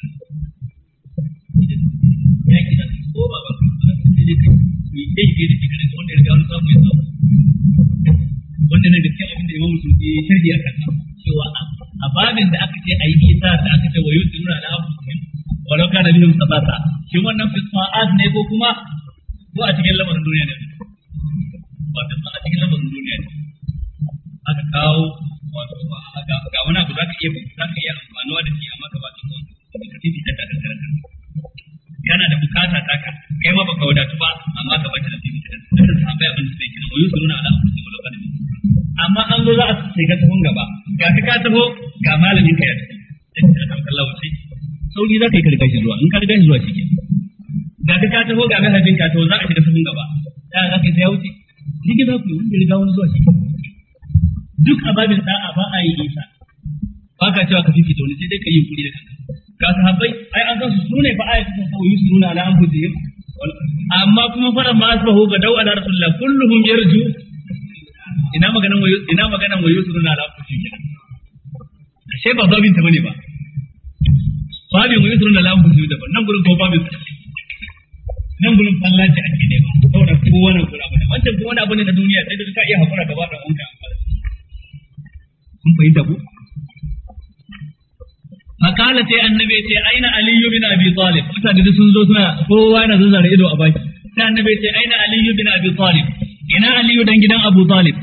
ya ki da ko ba ba sai dai kai ni dai ke da kika daga wanda ya riga wani samu ya samu wanda ne gaskiya abin da imamu sun yi shirya akan cewa a a babin da aka ce a yi isa da aka ce wa yusiruna na anfusihim walau kana bihim khasasa shi wannan fi sa'at ne ko kuma ko a cikin lamarin duniya ne ba fi a cikin lamarin duniya ne aka kawo wato ga wani abu za ka iya za ka iya amfanuwa da shi amma ka ba ta ko ka tibi da ta karanta kana da bukata ta ka kai ma baka wadatu ba amma ka ba bata da tibi da ta sabai abin da zai kira wa yusiruna ala anfusihim walau kana bihim amma an zo za a shiga tafin gaba ga ka taho ga malamin ka ya tafi sai ka san Allah wace? Sauki za ka yi ka shi zuwa in ka riga shi zuwa cikin. ga ka taho ga mahajin ka taho za a shiga sahun gaba da za ka sai wuce rike za ku yi wanda riga wani zuwa cikin. duk a ababin da'a ba a yi isa ba ka cewa ka fifita wani sai dai ka yi yunkuri da kanka ka sahabbai ai an san su sune fa ayatu fa yusuna ala anfusihim amma kuma faran ma asbahu ga dau ala rasulullah kulluhum yarju ina maganan wayo ina maganan wayo suna ala anfusihim sai ba babin ta bane ba babin wani surun da lamun su daban nan gurin ko babin nan gurin falla a ake ne ba saboda kowa wani gura da wancan wani abu ne na duniya sai da ka iya hakura gaba da wanka kun fahimta ko fakala sai annabi sai aina aliyu bin abi talib mutane da sun zo suna kowa yana zazzara ido a baki sai annabi sai aina aliyu bin abi talib ina aliyu dan gidan abu talib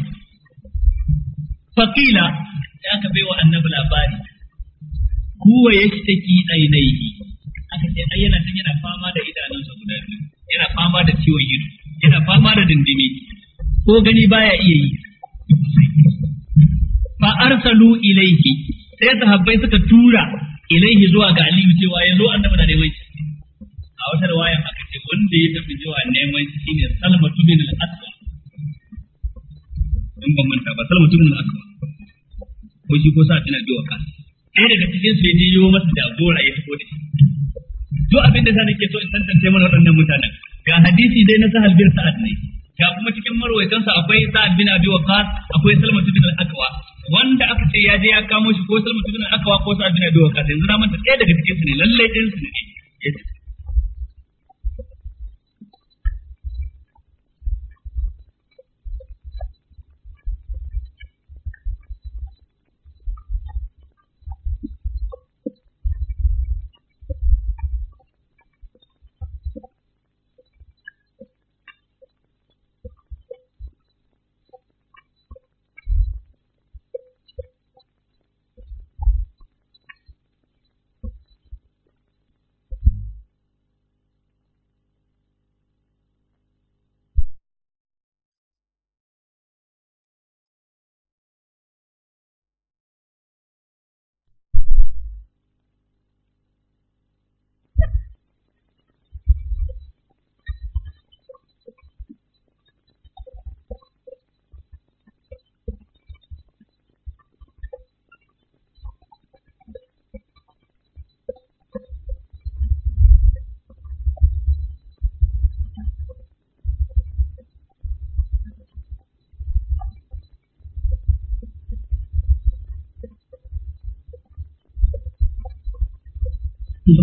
fakila sai aka bai wa annabi labari huwa take ainihi aka ce ai yana tun yana fama da idanunsa guda biyu yana fama da ciwon ido yana fama da dindimi ko gani baya iya yi fa arsalu ilaihi sai sahabbai suka tura ilaihi zuwa ga aliyu cewa yanzu annabi na neman shi a wata riwaya aka ce wanda ya tafi zuwa neman shi ne salmatu bin al aqwa in ban manta ba salmatu bin al aqwa ko shi ko sa'ad bin abi waqas ɗaya daga cikin su yaje yiwo masa da gora ya tafi da shi duk abin da ke so in tantance mana waɗannan mutanen ga hadisi dai na sahal bin sa'ad ne ga kuma cikin marwaitan sa akwai sa'ad bin abi waqas akwai salma bin al-aqwa wanda aka ce ya je ya kamo shi ko salma bin al-aqwa ko sa'ad bin abi waqas yanzu na manta ɗaya daga cikin su ne lalle ɗin su ne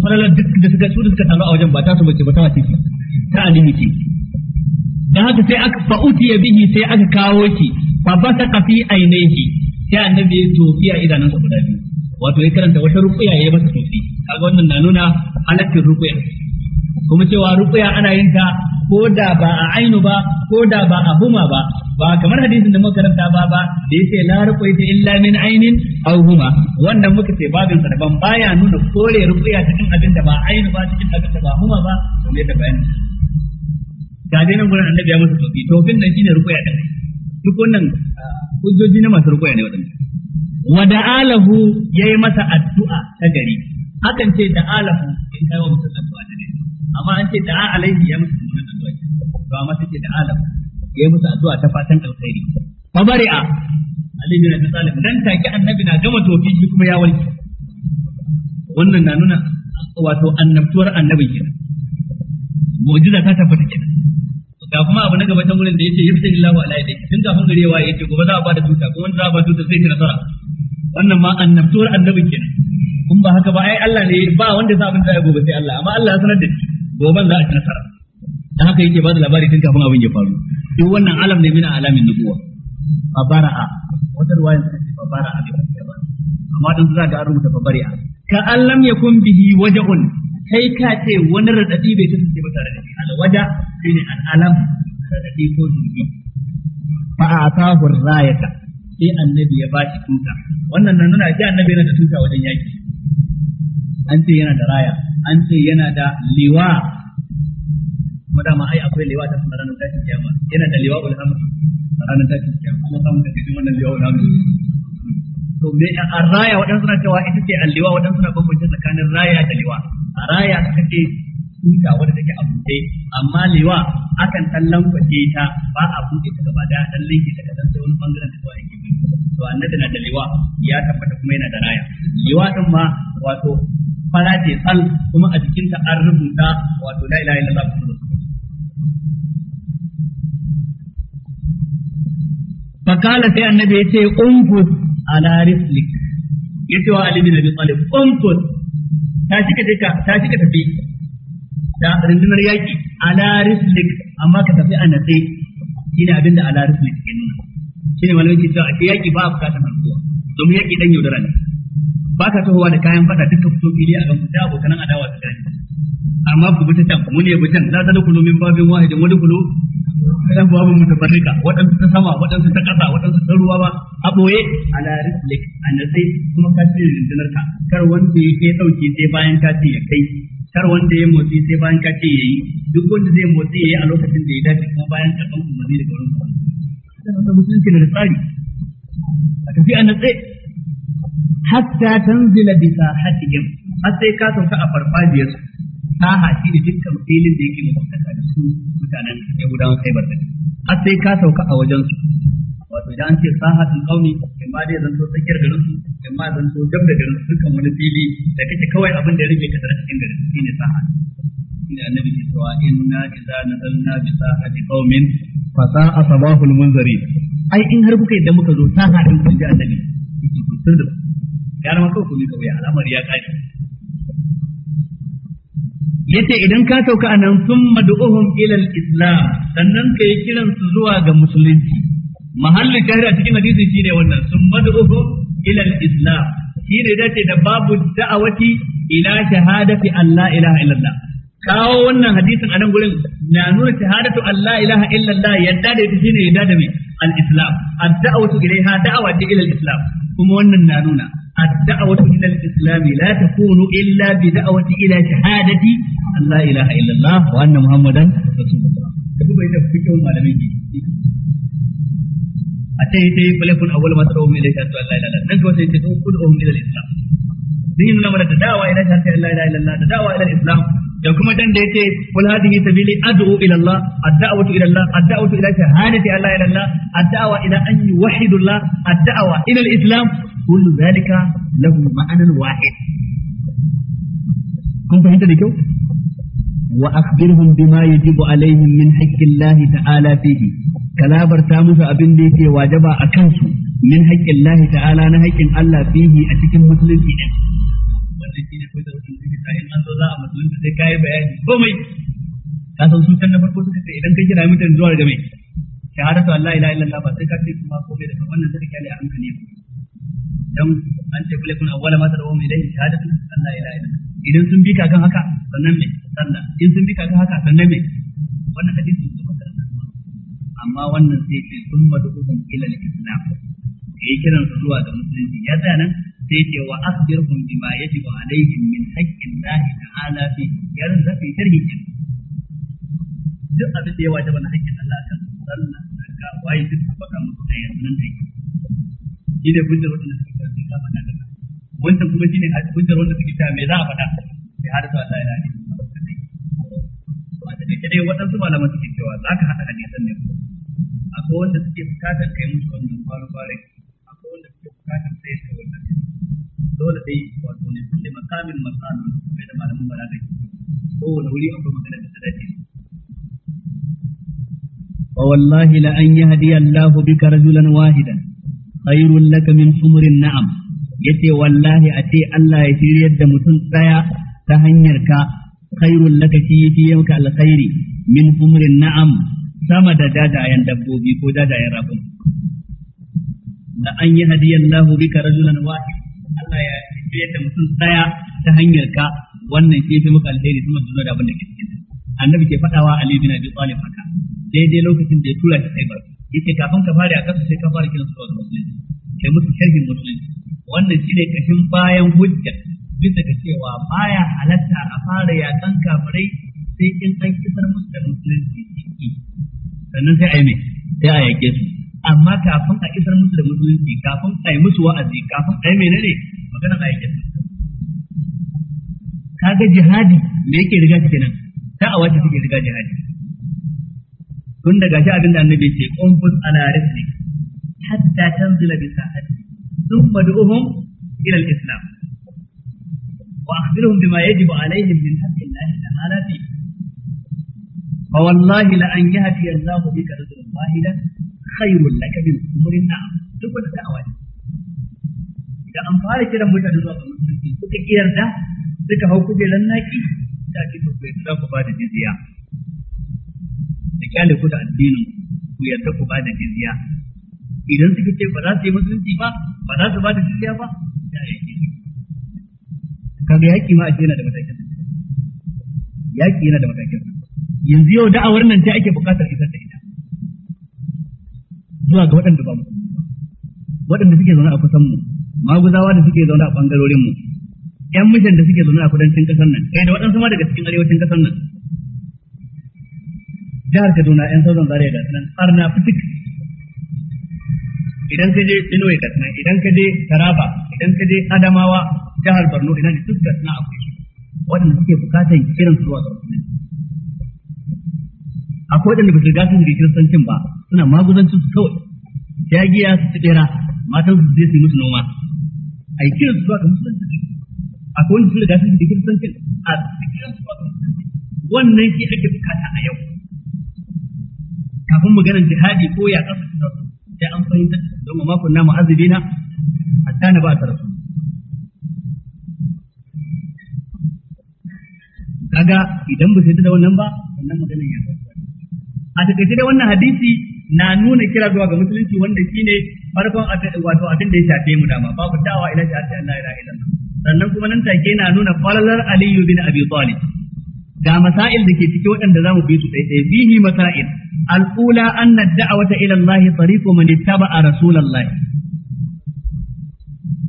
falalar duk da suka su da suka taru a wajen ba ta su bace ba ta wace ta alimi ce dan haka sai aka fa utiya bihi sai aka kawo shi fa basaqa fi ainihi sai annabi ya tofi a idanunsa guda biyu wato ya karanta wata ruqya ya masa tofi kaga wannan na nuna halaccin ruqya kuma cewa ruqya ana yin ta ko da ba a ainu ba ko da ba a huma ba ba kamar hadisin da muka karanta ba ba da yace la ruqya illa min ainin aw huma wannan muka ce babin sa daban baya nuna kore rubuya cikin abin da ba ainu ba cikin abin da ba huma ba kamar yadda bayani ga dai nan gurin annabi ya musu tofi tofin nan shine rubuya din duk wannan ah, hujjoji ne masu rubuya ne wadannan wa da'alahu yayi masa addu'a ta gari Hakan ce da'alahu in kai wa mutum addu'a ta gari amma an ce da'a alaihi ya musu mummunan addu'a ba ma sai ce da'alahu yayi masa addu'a ta fatan alkhairi fa bari'a Ali bin Abi dan take annabi na gama tofi kuma ya warke wannan na nuna wato annabtuwar annabi kenan mu'jiza ta tabbata kenan ga kuma abu na gaba ta wurin da yace yafsa illahu ala yadi tun kafin gare wa yace gobe za a ba da tuta ko wanda za a ba tuta sai ta nasara wannan ma annabtuwar annabi kenan kun ba haka ba ai Allah ne ba wanda za abin da ya gobe sai Allah amma Allah ya sanar da shi goben za a ci nasara dan haka yake ba da labari tun kafin abin ya faru duk wannan alam ne mina alamin nubuwa fa bara'a wata ruwayan suka ce fa bara'a ne ba amma dan za ga an rubuta fa ka an lam yakun bihi waja'un kai ka ce wani radadi bai kasance ba tare da shi alwaja shine an alam radadi ko zubi fa atahu rayata sai annabi ya ba shi tuta wannan nan nuna ji annabi yana da tuta wajen yaki an ce yana da raya an ce yana da liwa kuma dama ai akwai liwa ta sunan ranar tashin kiyama yana da liwa ul hamd a ranar tashin kiyama kuma samu da cikin wannan liwa wannan to me a raya waɗansu na cewa ita ce alliwa waɗansu na bambance tsakanin raya da liwa a raya suka ce tuta wadda take a buɗe amma liwa akan tallan lankwace ta ba a buɗe ta gaba daya ɗan linki ta kasan sai wani bangaren ta kawai ake bai to annabi na da liwa ya tabbata kuma yana da raya liwa din ma wato fara ce tsal kuma a jikinta an rubuta wato la ilaha illallah muhammadu fakala sai annabi ya ce unkus ala rislik ya ce wa ali bin abi talib unkus ta shiga jika ta shiga tafi da rundunar yaki ala rislik amma ka tafi a natse shine abin da ala rislik ke nuna shine malamai ke cewa a yaki ba a bukatar rantsuwa domin yaki dan yaudara ne baka tahowa da kayan fada duka fito fili a gaban da abokan adawa su gani amma ku bi ta can mu ne bi can ta tadkhulu min babin wahidin kulu. dan babun mutafarrika wadansu ta sama waɗansu ta kasa waɗansu ta ruwa ba a boye ala rislik annasai kuma ka ce rundunar ka kar wanda yake dauki sai bayan ka ce ya kai kar wanda ya motsi sai bayan ka ce yayi duk wanda zai motsi yayi a lokacin da ya dace kuma bayan ka kan ne daga wurin ka da musulunci da tsari a tafi a natsaye hatta tanzila bi sahatihim har sai ka sauka a farfajiyar saha shi ne dukkan filin da yake mutaka da su mutanen Yahudawan Khaibar da har sai ka sauka a wajen su wato da an ce sahatul qaumi in ma dai zanto tsakiyar garin su in ma zanto dab da garin su dukkan wani fili da kake kawai abin da ya rike ka cikin garin ne saha ina annabi ke cewa inna idza nazalna bi sahati qaumin fa sa'a sabahul munzari ai in har kuka idan muka zo saha din kun ji annabi sir da kawai ya kare yace idan ka sauka anan sun madu'uhum ila al-islam sannan kai kiran su zuwa ga musulunci mahallin shahira cikin hadisi shine wannan sun madu'uhum ila al-islam shine dace da babu da'awati ila shahadati Allah ilaha illallah kawo wannan hadisin a nan gurin na nuna shahadatu Allah ilaha illallah yadda da ita shine yadda da mai al-islam ad-da'watu ilaiha da'wa ta ila al-islam kuma wannan na nuna ad-da'watu ila al-islam la takunu illa bi da'wati ila shahadati Allah ilaha illallah wa anna muhammadan rasulullah kabi bai da fikin malamin ki a ta yi ta yi falakun awwal ma tarawu mai laifin Allah ilaha illallah nan ko sai ta kudu ila al-islam din nuna mana da da'wa ila shahadati Allah ilaha illallah da da'wa ila al-islam da kuma dan da yace kul hadhihi sabili ad'u ila Allah ad-da'watu ila Allah ad-da'watu ila shahadati Allah ila Allah ad-da'wa ila an yuwahhidu Allah ad-da'wa ila al-islam kullu dhalika lahu ma'anan wahid kun fahimta da kyau wa akhbirhum bima yajibu alaihim min haqqi Allah ta'ala fihi kalabar ta musu abin da yake wajaba akan su min haqqi Allah ta'ala na haƙƙin Allah fihi a cikin musulunci din za a musulunta sai kayi bayani komai ka san sun san na farko suka ce idan kai kira mutane zuwa ga mai shahadatu Allah ila illallah ba sai ka ce kuma komai da wannan sai kyale a hankali ku dan an ce kule kun awwala ma tadawu mai dai shahadatu Allah ila illallah idan sun bi ka kan haka sannan me sannan in sun bi ka kan haka sannan me wannan hadisi sun ba karanta amma wannan sai ce sun madu hukum ila al-islam kai kiran zuwa ga musulunci ya tsaya nan sai ce wa akhbirhum bima yajibu alaihim min haqqin lahi ta'ala fi yaran da fi sharhi kin duk abin da ya wajaba na haƙƙin Allah kan sallah zakka wai duk ka faɗa musu a yanzu nan take shi ne hujjar wanda suke ta sai ka faɗa da wannan kuma shi shine hujjar wanda suke ta me za a faɗa sai har zuwa Allah ya rani wanda take dai waɗansu malaman suke cewa za ka haɗa hadisan ne akwai wanda suke bukatar kai musu wannan kwaro-kwarai akwai wanda suke bukatar dole dai wato ne kulle makamin masalun kamar da malamin balaga ko wani wuri akwai magana da ta dace wa wallahi la an yahdi Allah bika rajulan wahidan khairul laka min sumurin na'am yace wallahi a ce Allah ya shiryar da mutum tsaya ta hanyar ka khairul laka shi yafi yanka alkhairi min sumurin na'am sama da dadayen dabbobi ko dadayen rabin la an yahdi Allah bika rajulan wahidan Allah ya tafiyar da mutum tsaya ta hanyar ka wannan shi fi maka alheri sama da da abin da ke cikin annabi ke fadawa Ali bin Abi Talib haka daidai lokacin da ya tura shi Khaibar yace kafin ka fara a kasa sai ka fara kiran kiransu da musulunci kai musu sharhin musulunci wannan shine kashin bayan hujja bisa ga cewa baya halatta a fara ya yakan kafirai sai in an kisar musu da musulunci sannan sai a yi mai sai a yake su amma kafin a isar musu da musulunci kafin a yi musu wa'azi kafin a yi menene magana ba yake Ka kaga jihadi me yake riga nan ta a wace take riga jihadi tun daga shi abinda annabi ce qunfus ala rizqi hatta tanzila bi sahati thumma du'uhum ila al-islam wa akhbirhum bima yajibu alaihim min haqqi Allah ta'ala fi فوالله لأن يهدي الله بك رجلا واحدا khairul laka min umurin na duk wanda da'awa ne idan an fara kiran mutane zuwa ga musulunci suka kiyarda suka hau kujeran naki da ake to ku yarda ku ba da jizya da kyale ku da addinin ku yarda ku ba da jizya idan suka ce ba za su yi musulunci ba ba za su ba da jizya ba da ya ke kaga yaki ma a ce yana da matakin yaki yana da matakin yanzu yau da'awar nan ta ake bukatar isar da ita zuwa ga waɗanda ba mu waɗanda suke zaune a kusan mu maguzawa da suke zaune a bangarorin mu ƴan mishan da suke zaune a kudancin kasar nan kai da waɗansu ma daga cikin arewacin kasar nan jihar Kaduna yan sauran zaria da nan har na fitik idan ka je Benue ga nan idan ka je Taraba idan ka je Adamawa jihar Borno idan ka tuka na nan akwai waɗanda suke bukatan kiran zuwa ga musulunci akwai waɗanda ba su riga sun riga kiristancin ba suna maguzancin su kawai ya giya su ci matan su zai su musu noma a yi kiran su zuwa ga musulunci akwai wanda sun riga sun da kiristancin a kiran su zuwa ga musulunci wannan shi ake bukata a yau kafin maganar jihadi ko ya kasa su da sai an fahimta don ma makon namu na a tana ba ta rasu kaga idan ba sai da wannan ba wannan maganar ya kasa a takaice da wannan hadisi na nuna kira zuwa ga musulunci wanda shine farkon wato abin da ya shafe mu dama babu da'awa ila shahadati Allah ila ila sannan kuma nan take na nuna falalar Ali bin Abi Talib ga masail da ke cikin waɗanda zamu bi su ɗaya bihi masail al-ula anna ad-da'wata ila Allah tariqu man ittaba'a rasulullah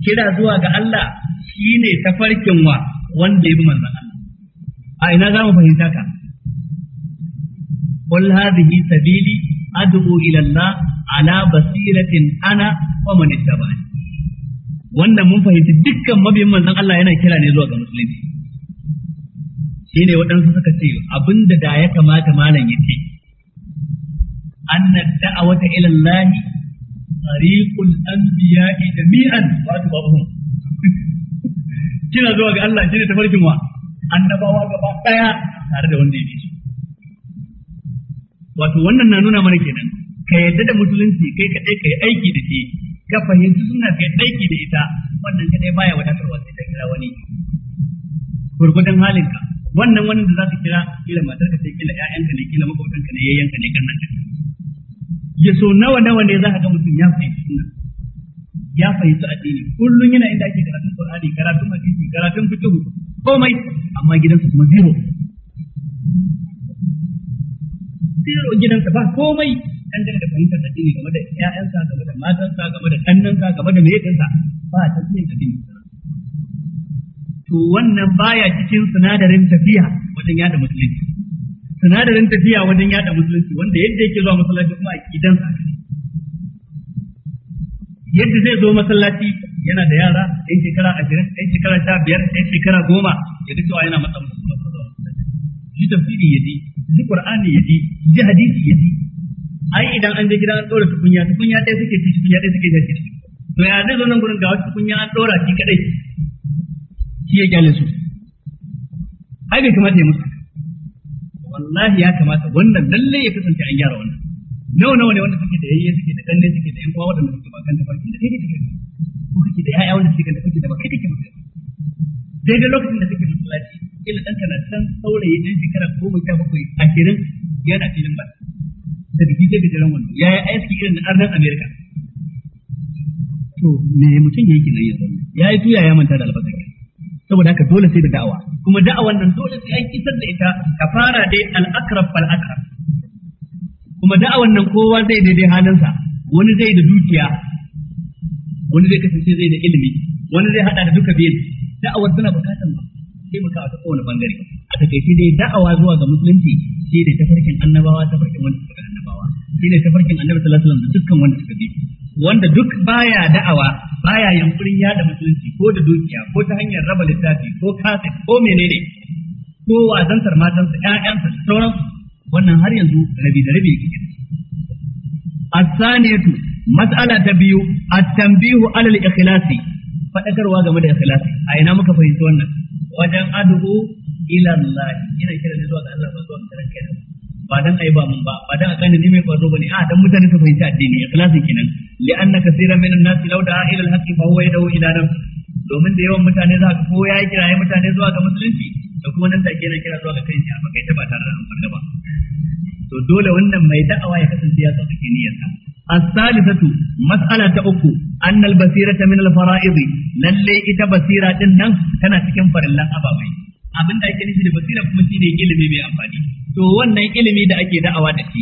kira zuwa ga Allah shine tafarkin wa wanda ya bi manzon Allah a ina zamu fahimta ka qul hadhihi sabili. adubu ila Allah ala basiratin ana wa man ittaba'ani wannan mun fahimci dukkan mabiyin manzon Allah yana kira ne zuwa ga musulunci shine waɗansu suka ce abinda da ya kamata malam ya ce anna da'awata ila Allah tariqul anbiya'i jami'an wa atba'uhum kina zuwa ga Allah shine tafarkin wa annabawa gaba daya tare da wanda ya bi su wato wannan na nuna mana kenan ka yadda da musulunci kai ka yi aiki da shi ka fahimci suna kai aiki da ita wannan kadai baya wadatar sai ta kira wani gurgudan halinka wannan wani da za ka kira kila ka sai kila ƴaƴanka ne kila makwabtanka ne yayyanka ne kan nan ya so nawa nawa ne za ka ga mutum ya fahimci suna ya fahimci addini kullum yana inda ake karatun qur'ani karatun hadisi karatun fiqh komai amma gidansa kuma zero zero gidansa ba komai dangane da fahimtar addini game da ƴaƴansa game da matansa game da kannansa game da meyinsa ba ta cikin addini to wannan baya cikin sinadarin tafiya wajen yada musulunci sinadarin tafiya wajen yada musulunci wanda yadda yake zuwa masallaci kuma a gidansa yadda zai zo masallaci yana da yara ɗan shekara 20 ɗan shekara 15 ɗan shekara goma ya ga cewa yana matsa musulunci ji tafsiri ya ji ji qur'ani ya ji ji hadisi ya ji ai idan an je gida an dora tukunya tukunya dai suke ci tukunya dai suke ci to ya zai zo nan gurin ga wata tukunya an dora shi kadai shi ya kyale su ai bai kamata ya musu wallahi ya kamata wannan lalle ya kasance an gyara wannan nawa nawa ne wanda suke da yayye suke da kanne suke da yan kwa wadanda suke bakan da farkin da kai kake ko kake da yaya wanda suke da kake da ba bakai kake ba sai da lokacin da kake musu kila ɗan na can saurayi ɗan shekara goma sha bakwai ashirin yana filin ba da biki da gajeren wani ya yi aiki irin na arnan amerika to me mutum ya yi nan yanzu ya yi tuya ya manta da albasa saboda haka dole sai da da'awa kuma da'awan nan dole sai an kisar da ita ka fara dai al fal kuma da'awan nan kowa zai daidai halinsa wani zai da dukiya wani zai kasance zai da ilimi wani zai hada da duka biyu da'awar tana bukatar ka ta kowane bangare a takaice dai da'awa zuwa ga musulunci shi ne tafarkin annabawa tafarkin wanda suka annabawa shi ne tafarkin annabi sallallahu alaihi wasallam da dukkan wanda suka bi wanda duk baya da'awa baya yankurin yada musulunci ko da dukiya ko ta hanyar raba littafi ko kafin ko menene ko wazantar matansa ƴaƴansa da sauransu wannan har yanzu rabi da rabi yake biyu at-tanbihu 'ala al-ikhlasi fadakarwa game da ikhlasi a ina muka fahimci wannan wajen adubu ila Allah ina kira ne zuwa ga Allah ba zuwa ga ran kai ba dan ai ba mun ba ba dan akan ni mai kwazo bane a dan mutane su fahimci addini ikhlasi kenan li anna kaseera min an-nas law da'a ila al-haqqi fa huwa yad'u ila nam domin da yawan mutane za ka ko yayi kiraye mutane zuwa ga musulunci da kuma nan take yana kira zuwa ga kai a kai ta ba tare da amfani ba to dole wannan mai da'awa ya kasance ya niyyar niyyarsa الثالثة مسألة أكو أن البصيرة من الفرائض للي إتا بصيرة إنن كان cikin فرلا ababai. abin da ake nufi da basira kuma shi ne ilimi mai amfani to wannan ilimi da ake da'awa da shi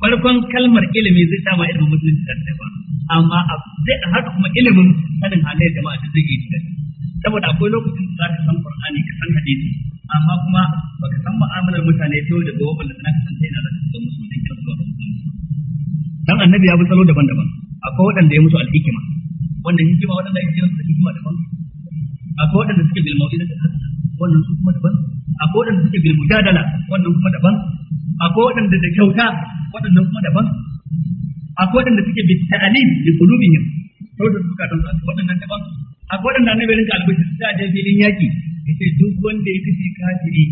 farkon kalmar ilimi zai sa ma ilimin musulunci da ba, amma zai haka kuma ilimin sanin halayyar jama'a da zai yi da saboda akwai lokacin da za ka san qur'ani ka san hadisi amma kuma baka san mu'amalar mutane ta yau da gobe ballan ka san sai na da musulunci da dan annabi ya bi salo daban-daban akwai waɗanda ya mutu al-hikima wanda hikima waɗanda ya kiransu da hikima daban akwai waɗanda suke bil mau'izat da hasana wannan su kuma daban akwai waɗanda suke bil mujadala wannan kuma daban akwai waɗanda da kyauta waɗannan kuma daban akwai waɗanda suke bil ta'alim bi qulubihim da suka dan su waɗannan daban akwai waɗanda annabi rinka albishir da da filin yaki yace duk wanda ya kace kafiri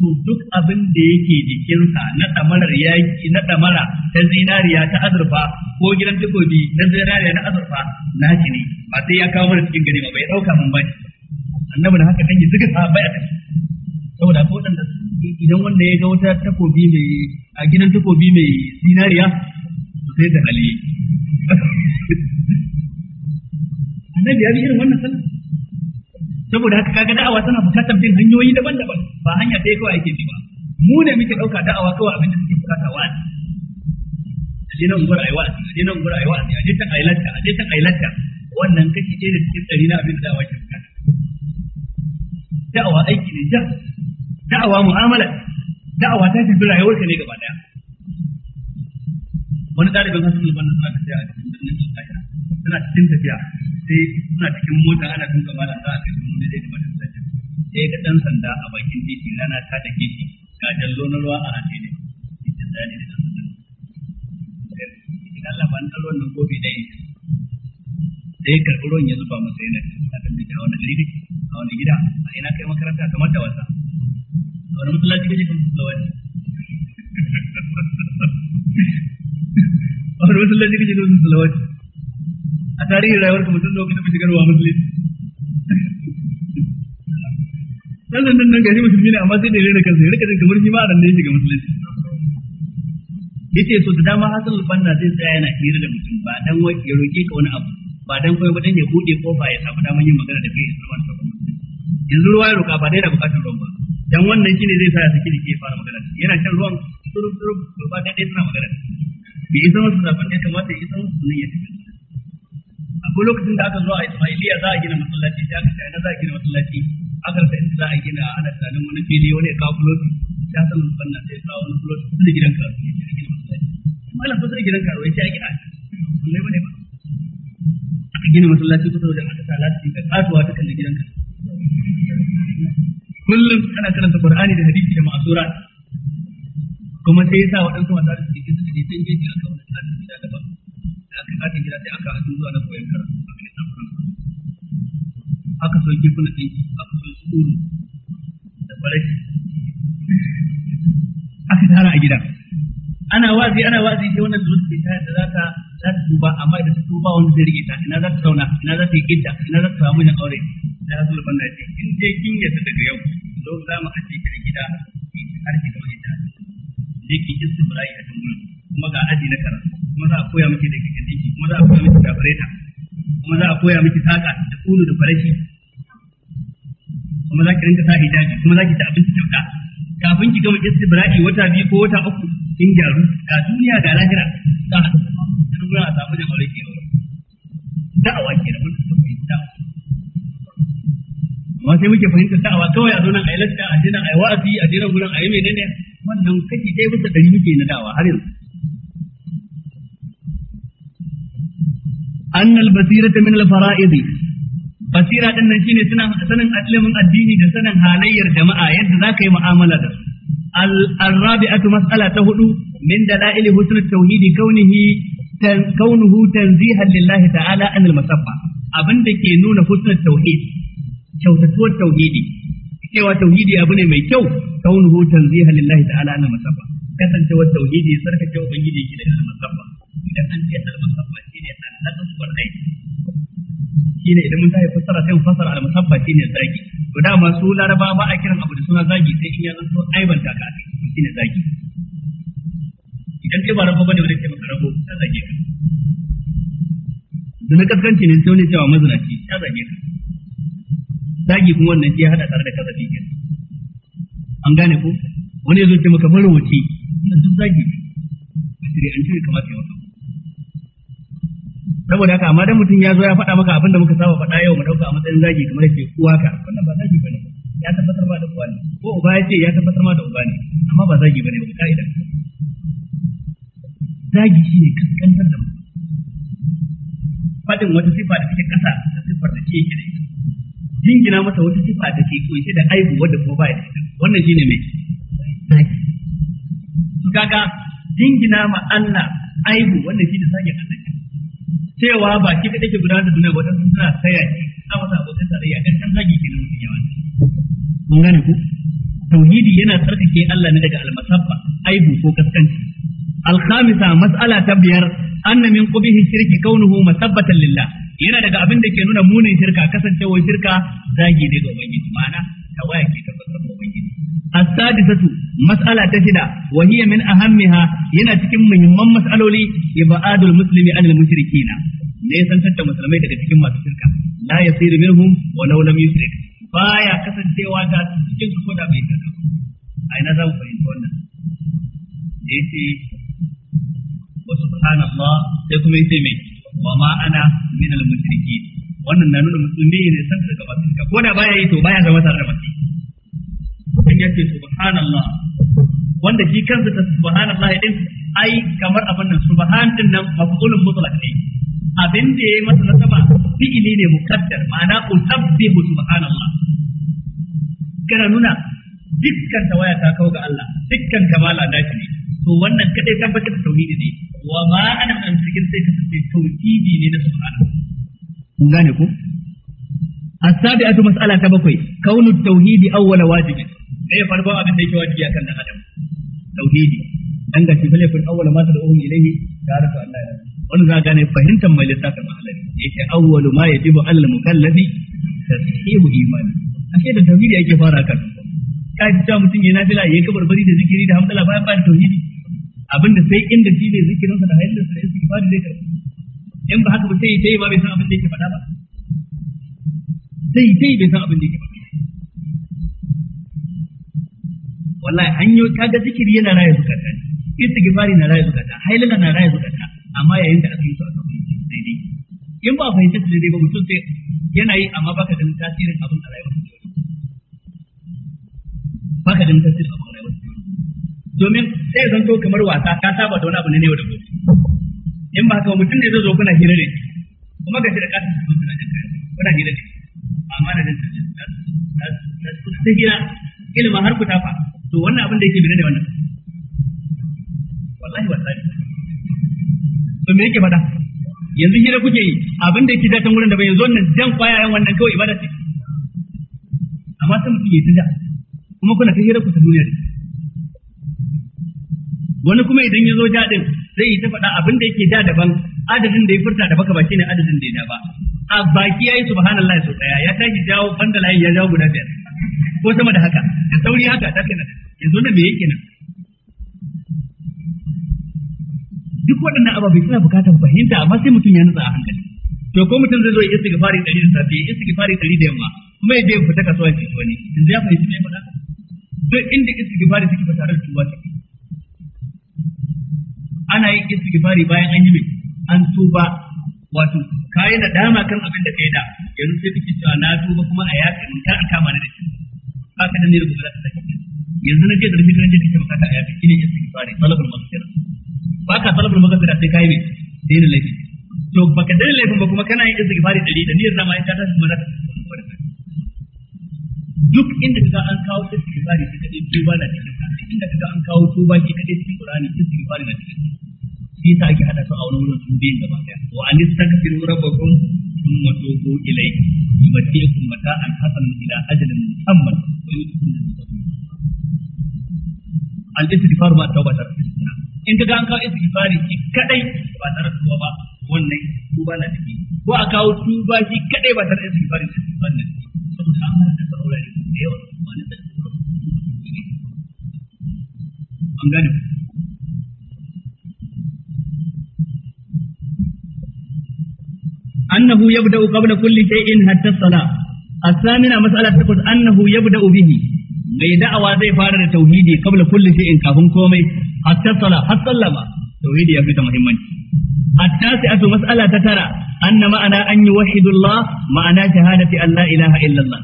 to duk abin da yake jikinsa na ɗamarar yaki na ɗamara ta zinariya ta azurfa ko gidan takobi na zinariya na azurfa na shi ne ba sai ya kawo mana cikin gari ba bai ɗauka mun ba annabi da haka dangi zuga sahabbai bai kai saboda ko waɗanda idan wanda ya ga wata takobi mai a gidan takobi mai zinariya to sai da hali annabi ya yi irin wannan sallah saboda haka kaga da'awa tana bukatar bin hanyoyi daban-daban ba hanya ɗaya kawai ake bi ba mu ne muke ɗauka da'awa kawai abin da suke bukata wa'azi a Aje nan gura ayi wa'azi Aje nan gura ayi wa'azi Aje je tan ayi latta a je tan ayi latta wannan kashi ɗaya da cikin tsari na abin da da'awa ke bukata da'awa aiki ne ja da'awa mu'amala da'awa ta shi shafi ka ne gaba ɗaya wani ɗalibin hasan liban na suna tafiya a cikin birnin alƙahira suna cikin tafiya sai cikin mota ana tun kama da za a kai daidai da sajjan sanda a bakin titi rana ta na ruwa a hannu ne da dan sanda idan da sai karɓi ruwan ya zuba masa yana da a wani gari a wani gida a ina kai makaranta kamar da wasa a wani masallaci kan wani a wani masallaci a tarihin rayuwar ka mutum lokacin da shigarwa musulunci dan nan nan gari musulmi ne amma sai da rere kansa ya rika jin kamar shi ma ran da ya shiga musulunci yace so da dama hasan banna zai tsaya yana hira da mutum ba dan wai ya roke ka wani abu ba dan koyo ba dan ya bude kofa ya samu daman yin magana da kai ya sarwa da yanzu ruwa ya roka ba dai na bukatun ruwan ba dan wannan shine zai sa ya saki dake fara magana yana kan ruwan turu turu ba dai tana magana bi isa wasu da ya kamata ya isa wasu ne ya tafi akwai lokacin da aka zo a Ismailiya za a gina masallaci sai aka tsaya za a gina masallaci aka rasa inda za a gina ana tsanin wani fili wani ya kawo fuloti ya san banna sai ya kawo wani kuloti su da gidan karuwa ya gina masallaci malam kusa da gidan karuwa ya gina kullai bane ba aka gina masallaci ko saboda aka sa lati ka kasuwa ta kalli gidan ka. kullum ana karanta Qur'ani da hadisi da masura kuma sai ya sa waɗansu masu cikin sun je sun je aka wani arziki da daban katin gida sai aka zuwa na koyon karatu a kan faransa aka so kifin aka so sukuru da aka tara a gida ana wazi ana wazi sai wannan zuwa ke tayar da za ta za ta tuba amma idan ta tuba wani zai rike ta ina za ta zauna ina za ta yi gidda ina za ta samu mijin aure da ya zuwa banda ce in dai kin yadda daga yau zo za mu ajiye a gida har ki gama yadda ne ki istibrai a cikin kuma ga aji na karatu kuma za a koya miki da kike dinki kuma za a koya miki tabareta kuma za a koya miki saka da kulu da farashi kuma za ki rinka sa hijabi kuma za ki ta abinci kyauta kafin ki gama istibra'i wata biyu ko wata uku kin gyaru ga duniya ga lahira ta hannu kuma a samu da aure ke aure da'awa ke da mun ta fahimta da'awa amma sai muke fahimta da'awa kawai a zo nan a yi lasta a jina a yi wa'azi a je gudan a yi menene wannan kashi dai bisa ɗari muke na da'awa har yanzu annal basirata min al basira din nan shine suna sanin ilimin addini da sanin halayyar jama'a yadda yi mu'amala da su الرابعة مسألة هدو من دلائل حسن التوحيد كونه كونه تنزيها لله تعالى عن da ke nuna husnul tauhid kyautatuwar tauhidi cewa tauhidi abu ne mai kyau kaunuhu tanziha tauhidi sarkace ubangiji ke da al masabba idan an na kasuwar aiki ne idan mun tafi fassara sai mu fassara al musabba shine zagi to dama su laraba ba a kiran abu da suna zagi sai in ya zanto aibanta ka a akai shine zagi idan kai ba rabo bane wanda ke maka rabo ta zage ka da na kaskanci ne sai wani cewa mazinaci ta zage ka zagi kuma wannan shi ya hada tare da kaza ke an gane ko wani ya zo ce maka marowaci wannan duk zagi ne a shirye an shirye kamata ya maka saboda haka amma dan mutum ya zo ya faɗa maka abin da muka saba faɗa yau mu dauka a matsayin zagi kamar yake kuwa ka wannan ba zagi bane ya tabbatar ma da uba ne ko uba ya ce ya tabbatar ma da uba ne amma ba zagi bane ba ka'ida zagi shi ne kaskantar da mutum faɗin wata sifa da take ƙasa da sifar da ke da ita jingina masa wata sifa da ke kunshe da aibu wadda kuma ba da ita wannan shine mai zagi to kaga jingina ma Allah aibu wannan shi da sake kasance cewa ba shi kaɗai ke gudanar da duniya wajen suna saya shi suna masa abokan tarayya ɗan kan zagi ke nan ya wani mun gane ku tauhidi yana tsarkake Allah ne daga almasabba aibu ko kaskanci alkhamisa mas'ala ta biyar anna min qubihi shirki kaunuhu masabbatan lillah yana daga abin da ke nuna munin shirka kasancewar shirka zagi ne ga ubangiji ma'ana tawaya ke tabbatar da ubangiji as-sadisatu mas'ala ta shida wa hiya min ahammiha yana cikin muhimman mas'aloli ibadul muslimi anil mushrikina ne santar da musulmai daga cikin masu shirka la yasiru minhum wa law lam yushrik baya kasancewa da cikin su da bai shirka a ina za mu fahimta wannan yace wa subhanallah sai kuma yace mai wa ma ana min al-mushrikeen wannan na nuna musulmi ne san daga ka ko da baya yi to baya zama tare da baki dan yace subhanallah wanda shi kansa ta subhanallah din ai kamar abin nan subhan din nan mafulun mutlaq ne abin da yayi masa nasaba fi'ili ne mukaddar ma'ana usabbihu subhanallah kana nuna dukkan tawaya ta kawo ga Allah dukkan kamala dashi ne to wannan kadai tabbatar da tauhidi ne wa ma ana an cikin sai ka tafi tauhidi ne na subhanallah kun gane ku asabi sabiatu mas'ala ta bakwai kaunu tauhidi awwala wajibi eh farko abin da yake wajibi akan dan adam tauhidi dan ga fa laifin awwala ma tad'uhum ilayhi ta'arifu Allah ya wannan za gane fahimtar mai lissafin mahalari yake awwalu ma yajibu alal mukallafi tashihu imani ashe da tauhidi yake fara kan ka ta mutum yana fila yayi kabarbari da zikiri da hamdala bayan ba tauhidi abinda sai inda shi ne zikirin sa da hayyar sa da istighfar zai karbi in ba haka ba sai sai ba bai san abin da yake faɗa ba sai sai bai san abin da yake faɗa wallahi ta kaga zikiri yana raya zukata ne istighfari na raya zukata hailala na raya zukata amma yayin da aka yi su aka fahimci su daidai in ba fahimci su daidai ba mutum sai yana yi amma baka ganin tasirin abin da rayuwar su baka ganin tasirin abin da rayuwar su domin sai zan to kamar wasa ka saba da wani abu ne yau da gobe in ba haka mutum ne zai zo kuna hira ne kuma ga shi da kasan su kuna da kai kuna hira ne amma da nan ta hira ilimin har ku tafa to wannan abin da yake bine ne wannan wallahi wallahi to me yake faɗa yanzu hira kuke yi abin da yake datan wurin da bai yanzu wannan jan kwayayen wannan kawai ibada ce amma sai mutum yayi tunda kuma kuna ta hira ku ta duniya wani kuma idan ya zo jaɗin zai yi ta faɗa abin da yake da daban adadin da ya furta da baka baki ne adadin da ya da ba a baki yayi subhanallah sau daya ya tashi jawo banda layi ya jawo guda biyar ko sama da haka da sauri haka ta kai yanzu da me yake nan duk waɗannan ababai suna bukatar fahimta amma sai mutum ya nutsa a hankali to ko mutum zai zo ya istighfari ɗari da safe ya istighfari ɗari da yamma kuma ya je fita kasuwa ya ci wani yanzu ya fahimci me faɗa duk inda istighfari take ba tare da tuwa take ana yin istighfari bayan an yi an tuba wato kai na dama kan abin da kai da yanzu sai kike cewa na tuba kuma a yaka mun ta aka mana da shi haka da ne da gobe ta sake yanzu na ke da rashin karanta kike bukata a yaka kine istighfari talabul maghfira ba ka talabul maghfira sai kai dai daina laifi to baka daina laifin ba kuma kana yin istighfari dari da ni zama in ta ta kuma za ka duk inda kaga an kawo istighfari ta kadai tuba na cikin sa inda kaga an kawo tuba shi kadai cikin Qur'ani istighfari na cikin sa shi ake hada su a wani wurin su da gaba daya wa anistaghfiru rabbakum thumma tubu ilayhi yumatikum mata'an hasan ila ajalin musamman wa yutikum min al-istighfar ma tawbatar in kaga an kawo istighfari shi kadai ba tare ba wannan tuba na ciki ko a kawo tuba shi kadai ba tare da istighfar da ba na ciki saboda an hana ta aure da yawa wani da an gane annahu يبدأ qabla kulli shay'in hatta salat الثامنة مسألة تقول أنه يبدأ به mai da'awa zai fara da tauhidi kabla kulli shay'in kafin komai hatta sala har sallama tauhidi ya fita muhimmanci التاسعة مسألة تترى أن معنى أن يوحد الله معنى شهادة أن لا إله إلا الله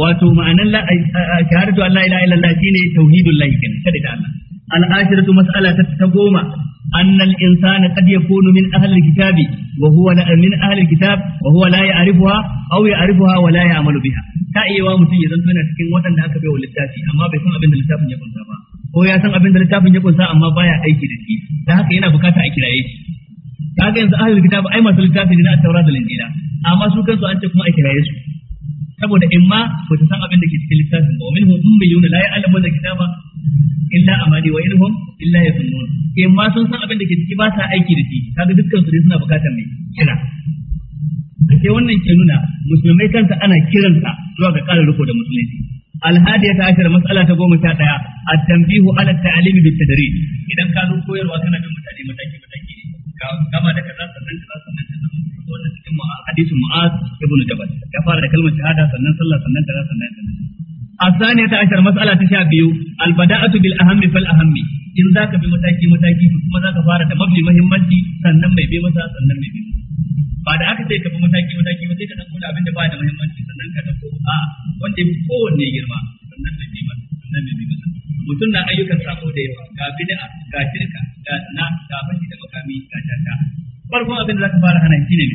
wato ma'anan shahadatu Allah ila ila Allah shine tauhidul lahi kenan kada da Allah al-ashiratu mas'ala ta goma أن الإنسان قد يكون من أهل الكتاب وهو من أهل الكتاب وهو لا يعرفها أو يعرفها ولا يعمل بها تأيوا mutum ya zanto yana cikin da aka bai wa littafi amma bai san abin da littafin ya kunsa ba ko ya san abin da littafin ya kunsa amma baya aiki da shi da haka yana bukata a kiraye shi kaga yanzu ahlul kitab ai masu littafi ne na taura da linjila amma su kansu an ce kuma a kiraye su saboda in ma ba san abin da ke cikin littafin ba minhum ummiyuna la ya'lamuna kitaba illa amani wa ilhum illa yazunnun in ma sun san abin da ke ciki ba sa aiki da shi kaga dukkan su ne suna bukatar mai kira sai wannan ke nuna musulmai kansa ana kiransa zuwa ga ƙara riko da musulunci الهادية عشر مسألة تقوم التنبيه على التعليم بالتدريج إذا كانوا كوير وكان بمتعلم متاكي متاكي gama da kaza sannan kaza sannan kaza wannan cikin hadisin mu'az ibn jabal ya fara da kalmar shahada sannan sallah sannan kaza sannan kaza الثانية عشر مسألة تشابه البداءة بالأهم فالأهم إن ذاك بمتاكي متاكي فكما ذاك فارة مبني مهمتي سنن مي بيمتا سنن مي بيمتا ba da aka sai ka bi mataki mataki ba sai ka dauko da abin da ba da muhimmanci sannan ka wanda ya girma sannan bi masa nan bai masa mutum na ayyukan sako da yawa ga bid'a ga shirka ga na ga fashi da makami ga tata farkon abin da zaka fara hana shi ne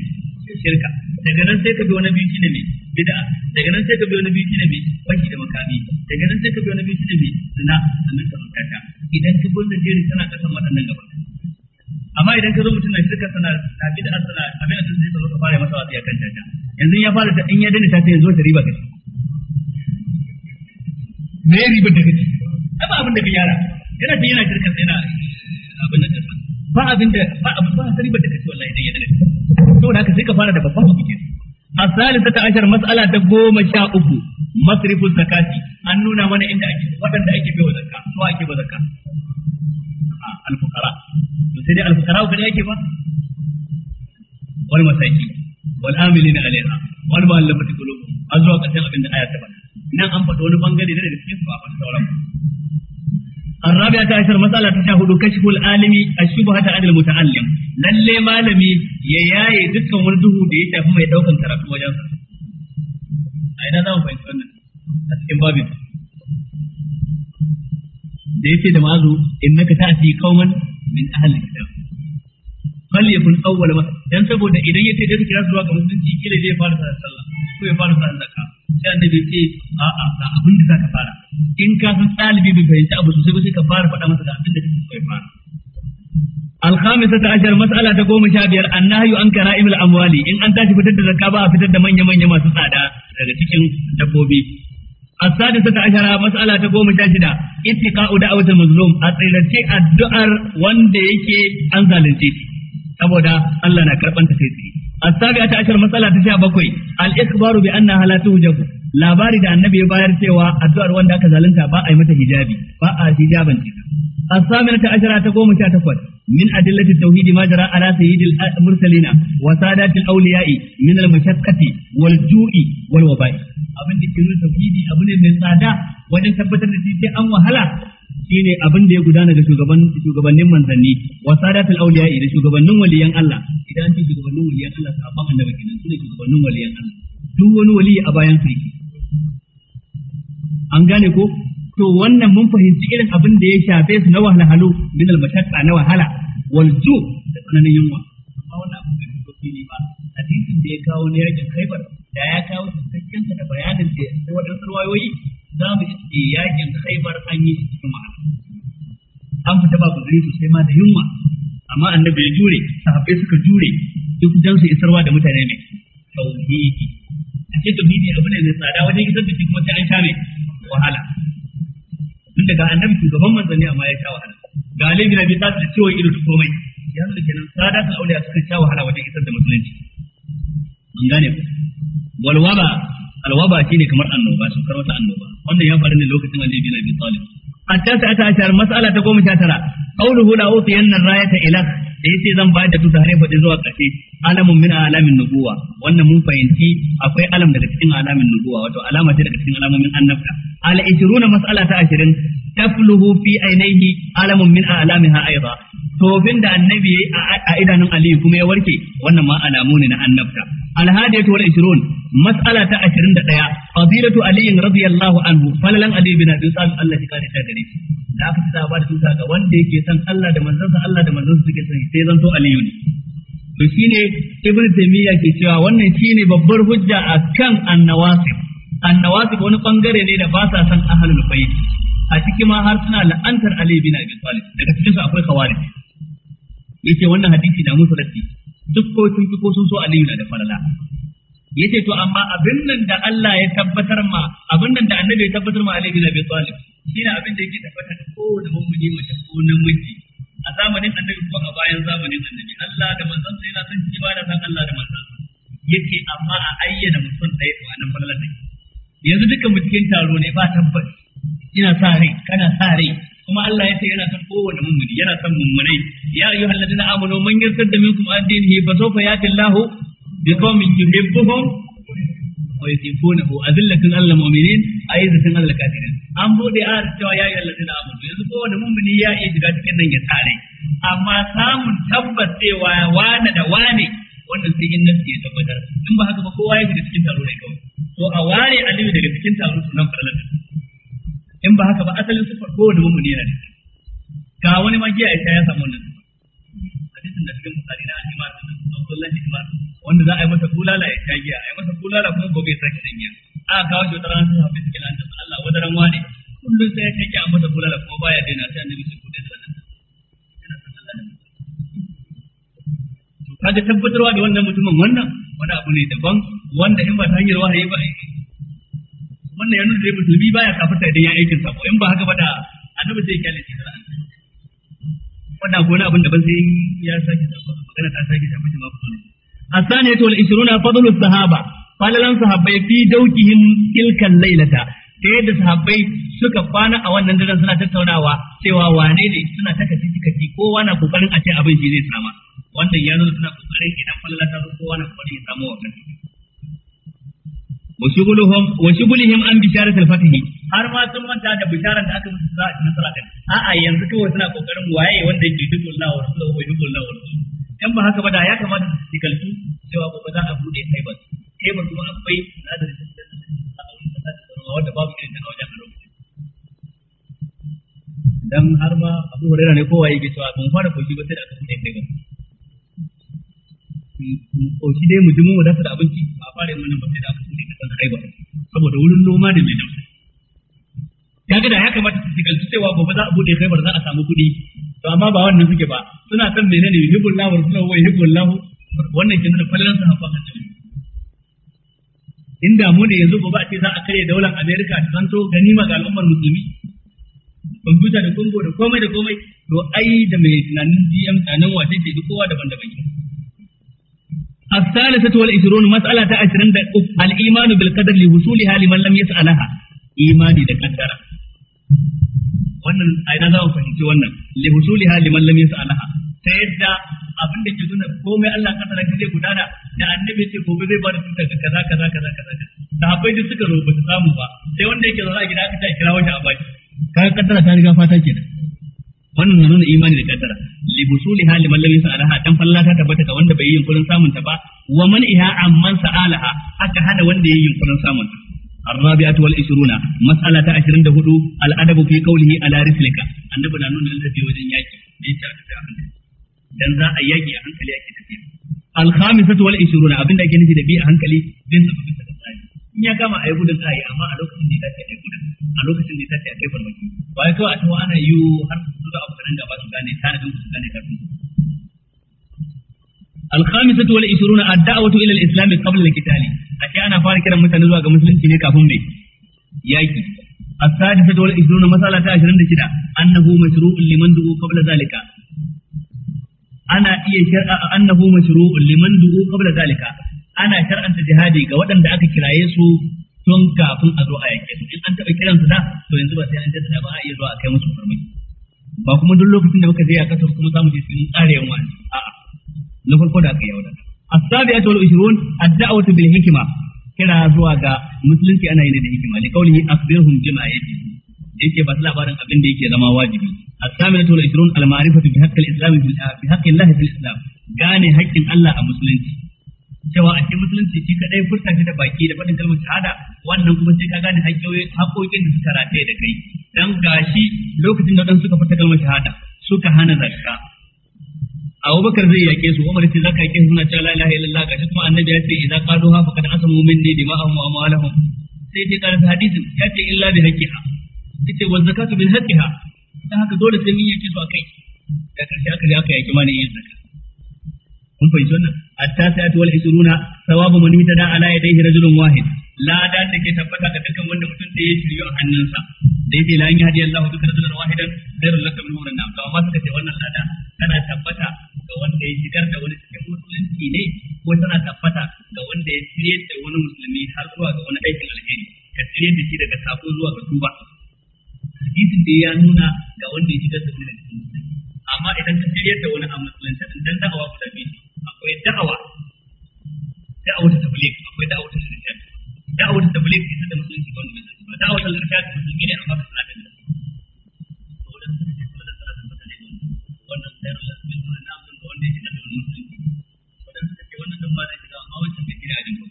shirka daga nan sai ka bi wani biyu shi ne bid'a daga nan sai ka bi wani biyu shi ne fashi da makami daga nan sai ka bi wani biyu shi ne zina sannan ka makata idan ka gulla jeri tana kasan waɗannan gaba amma idan ka zo mutum na shirka sana na bid'a sana abin da zai zo ka fara masa wasiya kan tata yanzu ya fara ta in ya dani ta sai yanzu ta riba ka me ya ribar da kake ba abin da ka yara yana da yana jirkan yana eh, abin da jirkan ba abin da ba abin ba ta ribar da kake wallahi dai yana to saboda haka sai ka fara da babban abu ke asalisa ta ashar mas'ala ta goma sha uku masrifu zakati an nuna mana inda ake wadanda ake bai wa zakka so ake ba zakka al-fuqara to sai dai al-fuqara ko ne ake ba wal masaki wal amilina alaiha wal mu'allafati qulubuhum azwa kasan abinda da ba nan an faɗi wani bangare da daga cikin su ba a faɗi sauran ba الرابعة عشر مسألة تشاهد كشف العالم الشبهة عن المتعلم للي مالمي يياي دكا ولده دي تفهم يدوكا ترك وجنسا أين ذا هو فإن سنة أسكن بابي da yace da mazu innaka ta'ti qauman min ahli kitab falyakun awwal ma dan saboda idan yace da kira zuwa ga musulunci kila zai fara da sallah ko ya fara da zakka sai annabi ce a a ga abin da zaka fara in ka san talibi bai fahimci abu sosai ba sai ka fara faɗa masa da abin da kake so ya fara الخامسة عشر مسألة تقوم شابير النهي عن كرائم الأموال إن أنت فتت زكاة بها من يمن يما سسادا Mas'ala ta السادسة عشر مسألة تقوم شاشدا اتقاء دعوة المظلوم أطلتي الدعر وان ديكي أنزل saboda Allah na karban ta kai tsaye asabi ta ashar matsala ta sha bakwai al ikhbaru bi anna halatu hujabu labari da annabi ya bayar cewa addu'ar wanda aka zalunta ba a yi mata hijabi ba a hijaban ta الثامنة عشرة تقوم شاتفت من أدلة التوحيد ما جرى على سيد min وسادات الأولياء eh, wal ju'i, والجوع والوباء abin da ke nuna tauhidi abu ne mai tsada wajen tabbatar da shi sai an wahala shine abin da ya gudana da shugaban shugabannin manzanni wa sadatul awliya da shugabannin waliyan Allah idan an ce shugabannin waliyan Allah ba annabi kenan sune shugabannin waliyan Allah duk wani wali a bayan sa yake an gane ko to wannan mun fahimci irin abin da ya shafe su na wahalhalu min al-mashaqqa na wahala wal ju da tsananin yunwa amma wannan abin da ya ne ba hadisin da ya kawo ne yakin Khaibar da ya kawo cikakken da bayanin da wadansu ruwayoyi za mu iske yakin haibar an yi cikin wahala an fita ba ku guzuri sosai ma da yunwa amma annabi ya jure sahabbai suka jure duk dan su isarwa da mutane mai tauhidi a ce tauhidi abu ne mai tsada wajen isar da cikin kuma sai mai wahala tun daga annabi shugaban manzanni amma ya sha wahala ga Ali na biyu Talib ciwon ido da komai ya nuna kenan tsada ta aure a cikin sha wahala wajen isar da musulunci an gane ku walwaba alwaba shine kamar annoba sun karwata annoba wannan ya faru ne lokacin annabi bin abi talib hatta ta ta ashar mas'ala ta goma sha tara qawluhu la utiyanna rayata ilak da yace zan ba da tuta har faɗi zuwa ƙarshe alamun min alamin nubuwa wannan mun fahimci akwai alam daga cikin alamin nubuwa wato alama ce daga cikin alamomin annabta al-20 mas'ala ta 20 tafluhu fi ainihi alamun min a'lamiha aidan tofin da annabi a idanun aliyu kuma ya warke wannan ma alamu ne na annabta al-hadiyatu 20 mas'ala ta 21 fadilatu ali radiyallahu anhu falalan ali bin abi talib Allah ya kare ta gare shi da aka ci zaba da ga wanda yake san Allah da manzansa Allah da suke san sai aliyu ne to shine ibn taymiya ke cewa wannan shine babbar hujja akan annawasib annawasib wani bangare ne da ba sa san ahlul bait a cikin ma har suna la'antar Ali bin Abi Talib daga cikin su akwai khawarij yace wannan hadisi da musu raddi duk ko sun ki ko sun so Ali na da falala yace to amma abin nan da Allah ya tabbatar ma abin nan da Annabi ya tabbatar ma Ali bin Abi Talib shine abin da yake tabbatar da kowane mummuni mace ko namiji a zamanin Annabi ko a bayan zamanin Annabi Allah da manzon sa yana son da san Allah da manzon yake amma a ayyana mutum ɗaya to anan falala take yanzu duka mu cikin taro ne ba tabbas ina sa rai kana sa rai kuma Allah ya ce yana san kowane mummuni yana san mummunai ya ayu ladina amanu man yasadda minkum an dinihi fa sawfa yati Allah bi qawmin yuhibbuhum wa yusifunahu azillatin alal mu'minin ayyatin alal kafirin an bude a cewa ya ayu ladina amanu yanzu kowane mummuni ya iya shiga cikin nan ya tare amma samun tabbas cewa wane da wane wannan sai in nafsi ya tabbatar in ba haka ba kowa ya shiga cikin taro ne kawai to a ware annabi daga cikin taron sunan farlan in ba haka ba asalin su farko da mun ne yana ga wani ma giya ya ya samu wannan hadisin da cikin bukari na imar abdullahi imar wanda za a yi masa bulala ya sha giya a yi masa bulala kuma gobe ya sake sanya a kawo shi da ran sun hafi cikin an Allah Allah wadaran wane kullum sai ya giya a masa bulala kuma baya daina sai annabi su kudin da nan kaga tabbatarwa da wannan mutumin wannan wani abu ne daban wanda in ba ta hanyar wahayi ba aiki wannan ya nuna da musulmi baya kafirta idan ya aikin sako in ba haka ba da annabi sai kyale shi da wannan gona abin da ban sai ya sake sako magana ta sake sako ma fito ne الثانية والعشرون فضل sahaba. falalan sahabbai fi daukihim tilkan lailata ta yadda sahabbai suka kwana a wannan daren suna tattaunawa cewa wane ne suna taka ciki kowa na kokarin a ce abin shi zai sama wannan ya nuna suna kokarin idan falala ta zo kowa na kokarin ya samu wannan wa shuguluhum an bisharat al-fatih har ma sun manta da bisharar da aka musu za a ci a'a yanzu kawai suna kokarin waye wanda yake dukkan Allah wa rasuluhu wa dukkan Allah wa rasuluhu in ba haka ba da ya kamata su tikaltu cewa gobe za a bude kai ba kuma akwai sinadarin da a wurin kasa da wanda babu irin da wajen haro dan har ma Abu Hurairah ne waye ke cewa ban fara koshi ba sai da aka bude ba. koshi dai mu ji mu wadata da abinci ba fara yin mu ba sai da kai ba saboda wurin noma da mai dausa ya da ya kamata su shigalci cewa gobe za a bude kai bar za a samu kuɗi to amma ba wannan suke ba suna son menene yuhibbul lahu rasulahu wa yuhibbul lahu wannan kin da fallan sa hafa ka inda mu ne yanzu gobe a ce za a kare daular America ta zanto ganima ga al'ummar musulmi kwamfuta da kongo da komai da komai to ai da mai tunanin dm tsanan wace ce kowa daban-daban الثالثة والعشرون مسألة عشرين الإيمان بالقدر لوصولها لمن لم يسألها إيمان بالقدر wannan a ina za mu fahimci wannan li ha liman lam yas'alaha ta yadda abin da ke nuna komai Allah kadara ka zai gudana da annabi ce gobe zai ba da tuta ga kaza kaza kaza kaza sahabbai da suka roba su samu ba sai wanda yake zaune a gida aka ta kira wajen a baki kaga kadara ta riga fata kenan wannan na nuna imani da kaddara li busuli hali man lam yasalaha dan falla ta tabbata ga wanda bai yi yunkurin samun ta ba wa man iha amman sa'alaha aka hada wanda yayin yunkurin samun ta الرابعة والعشرون مسألة عشرين دهدو الأدب في قوله على رسلك النبي لا نون الذي ta ياكي ليس dan za a yaki a hankali ake tafiya الخامسة والعشرون abinda ake nufi da bi a hankali in ya gama ayi gudun ayi amma a lokacin da ya dace ayi gudun a lokacin da ya dace a kai farmaki ba ya kawai a tawa ana yi har su zuga abokanan da ba su gane tanadin su gane karfin su الخامسة والعشرون الدعوة إلى الإسلام قبل القتال أشياء أنا فارق كلام مثلا زوا كمسلم سنة كافون بي ياكي السادسة والعشرون مسألة عشرين دشدا أنه مشروع لمن دعو قبل ذلك أنا إيه شرع أنه مشروع لمن دعو قبل ذلك ana shar'anta jihadi ga waɗanda aka kiraye su tun kafin a zo a yake su in an taɓa kiran su da to yanzu ba sai an jaddada ba a iya zuwa a kai musu farmaki ba kuma duk lokacin da muka je a kasar kuma za mu je cikin tsarin wani a'a na farko da aka yi wadanda as-sabi'atu wal 20 ad wata bil hikma kira zuwa ga musulunci ana yin da hikima li qawlihi akhbirhum bima yajibu yake ba labarin abin da yake zama wajibi as-sabi'atu wal 20 al-ma'rifatu bi haqqi al-islam bi haqqi Allah fil haƙƙin cewa a cikin musulunci shi kadai furta shi da baki da faɗin kalmar shahada wannan kuma sai ka gane haƙoƙin da suka rataye da kai dan gashi lokacin da dan suka fita kalmar shahada suka hana zakka Abubakar zai yake su Umar sai zakka yake suna cewa la ilaha illallah gashi kuma annabi ya ce idza qalu ha faqad asamu minni dima'ahum wa amwalahum sai dai karanta hadisin ya ce illa bi haqqiha yace wa zakatu bi haqqiha dan haka dole sai mun yake su akai da karshe aka ya aka yake mana yin zakka kun fahimci wannan التاسعة والعشرون ثواب من اهتدى على يديه رجل واحد لا دا تكي تبتا كتكم a متن دي شريو حننسا دي دي لان يهدي الله بك رجلا واحدا خير لك من هو النعم تو ما تكي wannan lada tana tabbata ga wanda ya shigar da wani cikin musulunci ne ko tana tabbata ga wanda ya tsire da wani musulmi har zuwa ga wani aikin alheri ka tsire da shi daga sako zuwa ga tuba hadisin ya nuna ga wanda ya shigar da wani musulunci amma idan ka tsire da wani a musulunci dan da'awa guda biyu akwai da'awa da'awar ta tabligh akwai da'awar ta irshad da'awa ta tabligh ita da musulunci mai wanda ba da'awa ta da musulmi ne amma ba da to dan suka ce da ta wannan sayarwa wannan na da wanda yake da musulunci to dan wannan dan ba da kida amma bai kira din ba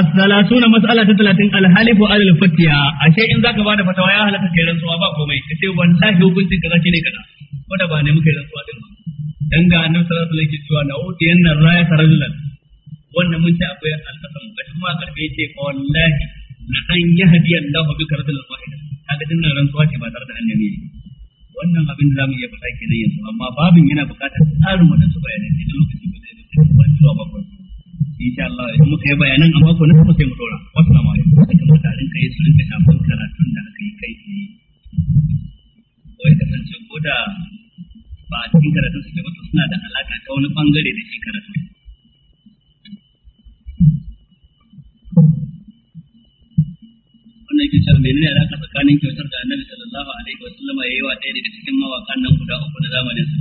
الثلاثون مسألة ثلاثين الحلف على الفتية أشياء إن ذاك بعد فتوى يا أهل تكيرن سواء باقومي كتير والله يوبنتي كذا شيء كذا وده بانه dan ga annabi sallallahu alaihi wasallam yake cewa na'uti yanna raya rajulan wannan mun ce akwai alƙasam gashi kuma karbe ce wallahi na an yahdi Allahu bika rajulan wahida kaga nan rantsuwa ce ba tare da annabi wannan abin da zamu iya faɗa kenan yanzu amma babin yana buƙatar tsarin wadansu bayanai da lokaci ba zai da ba zuwa ba insha Allah idan muka yi bayanan a mako na kuma sai mu dora assalamu alaikum sai kuma da rinka yi su rinka shafin karatun da aka yi kai tsaye wai kasance ko da ba a cikin karatun suke ba to suna da alaka ta wani bangare da shi karatun wannan yake mai nuna alaka tsakanin kyautar da annabi sallallahu alaihi wa sallama ya yi wa ɗaya daga cikin mawaƙan nan guda uku na zamanin su.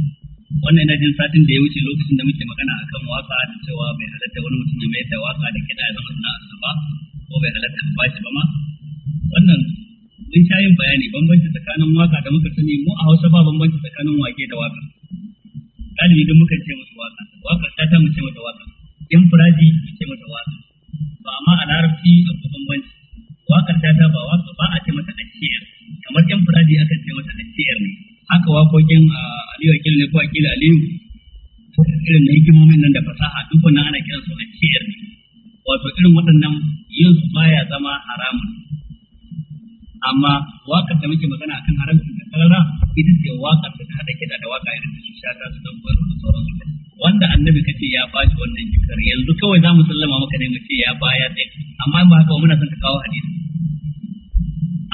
wannan yana jin satin da ya wuce lokacin da muke magana a kan waƙa da cewa bai halatta wani mutum ya mai da waƙa da kiɗa ya zama suna ba ko bai halatta ba ba ma wannan mun sha yin bayani bambanci tsakanin waka da muka sani mu a Hausa ba bambanci tsakanin wake da waka galibi duk muka ce musu waka waka ta ta mu ce mata waka in furaji mu ce mata waka ba amma a larabci akwai bambanci waka ta ta ba waka ba a ce mata ajiyar. kamar in furaji aka ce mata ajiyar ne haka wakokin Aliyu Akil ne ko Akil Aliyu irin na hikimomin nan da fasaha duk wannan ana kiransu ajiyar ne wato irin waɗannan yin su baya zama haramun amma wakar da muke magana akan haramcin da sarara ita ce waƙar da ta haɗa kiɗa da waka irin da su shata su dan koyar da su wanda annabi ka ce ya bashi wannan jikar yanzu kawai za mu sallama maka ne mu ce ya bayar da amma ba haka muna son ka kawo hadisi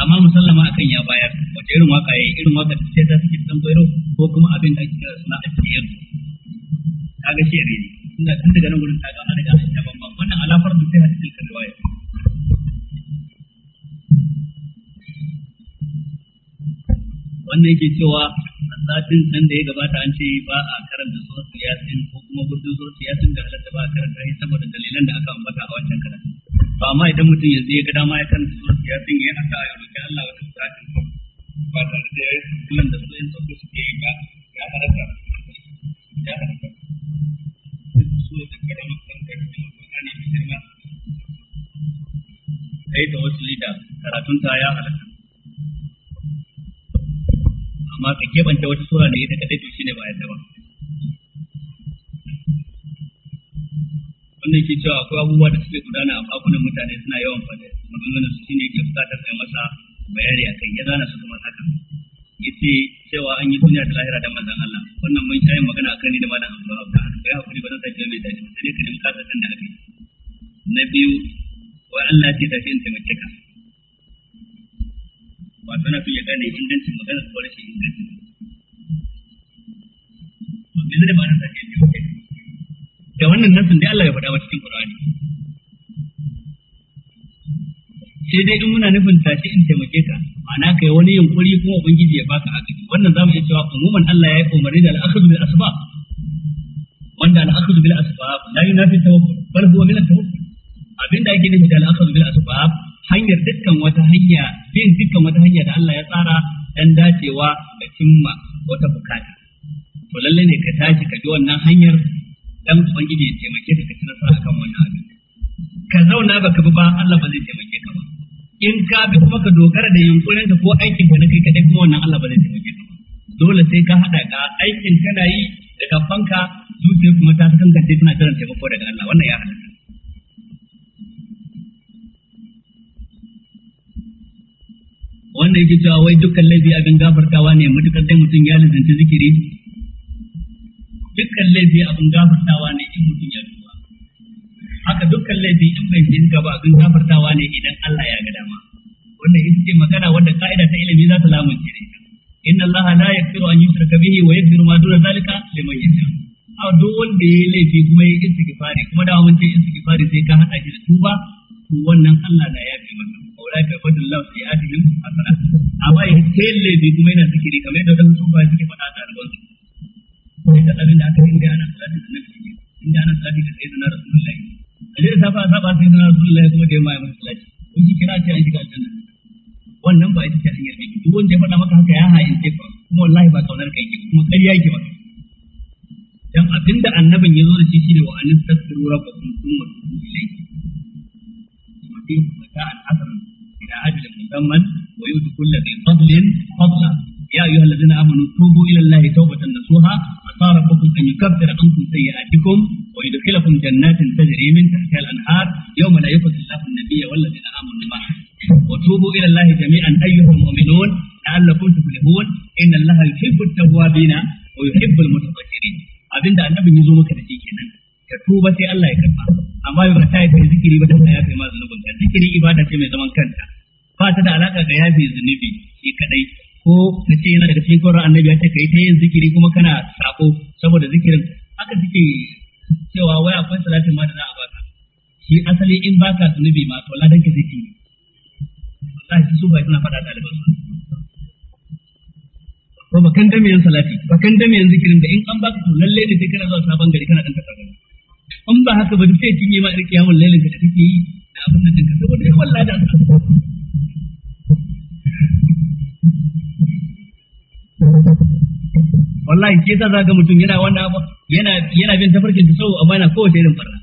amma mu sallama akan ya bayar wace irin waka yayi irin waka da ce ta su dan koyar ko kuma abin da ake kira suna ajiyar kaga shi ne Ina tun daga nan gurin ta ga an riga an ta bambam wannan alafar da sai hadisin riwaya wannan yake cewa a satin nan da ya gabata an ce ba a karanta suratul yasin ko kuma gurdun suratul yasin da halatta ba a karanta shi saboda dalilan da aka ambata a wancan karatu to amma idan mutum ya ya ga dama ya karanta suratul yasin ya haka ya da Allah wata bukatun ba tare da ya yi kullum da su yin sauko suke yi ba ya halatta ya halatta suratul karamar da Qur'ani mai girma ai da wasu lida karatun ya halatta a kebanta wata sura da ita kadai to shine ba yadda ba wannan ke cewa akwai abubuwa da suke gudana a bakunan mutane suna yawan faɗa maganganun su shine ke ta kai masa bayani a kai ya zana su kamar haka yace cewa an yi duniya da lahira da manzon Allah wannan mun shayin magana akan ni da malam Abdul Abdul kai hakuri ba zan sake mai tashi sai dai ka nemi kasatan da a yi na biyu wai Allah ce tafi in taimake sai dai in muna nufin tashi in taimake ka ma'ana kai wani yunkuri kuma ubangiji ya baka agaji wannan zamu iya cewa umuman Allah ya yi umarni da al dogara da yunkurin ka ko aikin ka na kai kadai kuma wannan Allah ba zai taimake ka dole sai ka hada ka aikin kana yi da ka zuciya kuma ta kanka sai tana jiran taimako daga Allah wannan ya halatta wanda yake cewa wai dukkan laifi abin gafartawa ne mutukar dai mutum ya lizanci zikiri dukkan laifi abin gafartawa ne in mutum ya duba haka dukkan laifi in bai shirka ba abin gafartawa ne idan Allah ya ga dama wannan ita ce magana wanda ka'ida ta ilimi za ta lamunce ne inna Allah la yaghfiru an yushraka bihi wa yaghfiru ma duna zalika liman yasha a duk wanda ya laifi kuma ya istighfari kuma da mun ce istighfari sai ka hada shi da tuba to wannan Allah na yafe maka aulai ka fadin Allah sai atihim hasana amma ya sai laifi kuma yana zikiri kamar yadda wadansu tuba bayan suke faɗa da rubansu sai ka abin da aka inda ana salati da nabi inda ana salati da sayyidina rasulullahi alaihi safa saba sayyidina rasulullahi kuma da ya mai masallaci kun kira ce an shiga wannan ba ita ce hanyar mai duk wanda ya faɗa maka haka ya hayin ce ka kuma wallahi ba kaunar kai ke kuma ƙarya ke maka dan abinda annabin ya zo da shi shine wa anin tasbiru rabbakum thumma tubu ilayhi kuma sai mata al-asr ila ajalin musamman wa yuti kullu bi fadlin fadla ya ayyuhal ladina amanu tubu ila allahi tawbatan nasuha asa rabbukum an yukaffira ankum sayyi'atikum wa yudkhilakum jannatin tajri min tahtiha al-anhar yawma la وتوبوا إلى الله جميعا أيها المؤمنون لعلكم تفلحون إن الله يحب التوابين ويحب المتطهرين abin da Abinda annabi zo maka da shi kenan ka tuba sai Allah ya karba amma bai ta yi zikiri ba ta ya kai ma zunubin ka zikiri ibada ce mai zaman kanta ba ta da alaka ga yafi zunubi shi kadai ko ka ce yana daga cikin koran annabi ya ce kai ta yin zikiri kuma kana sako saboda zikirin haka suke cewa wai akwai salatin ma da za a baka shi asali in baka zunubi ma to ladan ka zai cinye tsafi su bai suna faɗa ɗaliban su ko bakan dame yan salati bakan dame yan zikirin da in an baka to lalle ne sai kana zuwa sabon gari kana dan kasar in ba haka ba duk sai kinye ma irin kiyamul lailin da kake yi da abin da dinka saboda ai wallahi da wallahi ke ta zaga mutum yana wannan abu yana yana bin tafarkin ta sau amma yana kowace irin barna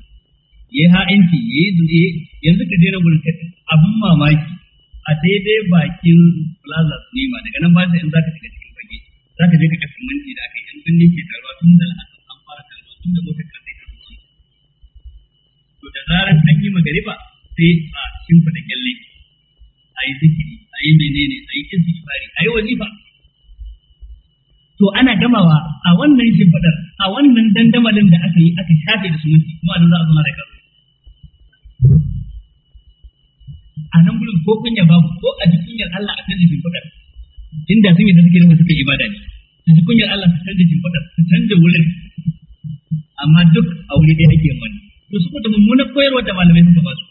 yayi ha'inci yayi yanzu ka je na gurin abin mamaki a daidai bakin plaza sinima daga nan ba ta in za ka shiga cikin fage za ka je ka kafin minti da aka yi yan birni ke taruwa tun da al'adun an fara taruwa tun da motar kasai ta zuwa to da zarar an yi magariba sai a shimfiɗa kyalle a yi zikiri a yi menene a yi kin zikiri a yi wazifa to ana gamawa a wannan shimfiɗar a wannan dandamalin da aka yi aka shafe da suminti kuma a nan za a zama da karo a nan gurin ko kunya babu ko a duk kunyar Allah a canza jin fadar inda sun yi da suke nan suka ibada ne su ji kunyar Allah su canza jin fadar su canza wurin amma duk a wuri ɗaya ake mani to su kuma mummunan koyarwa da malamai suka ba su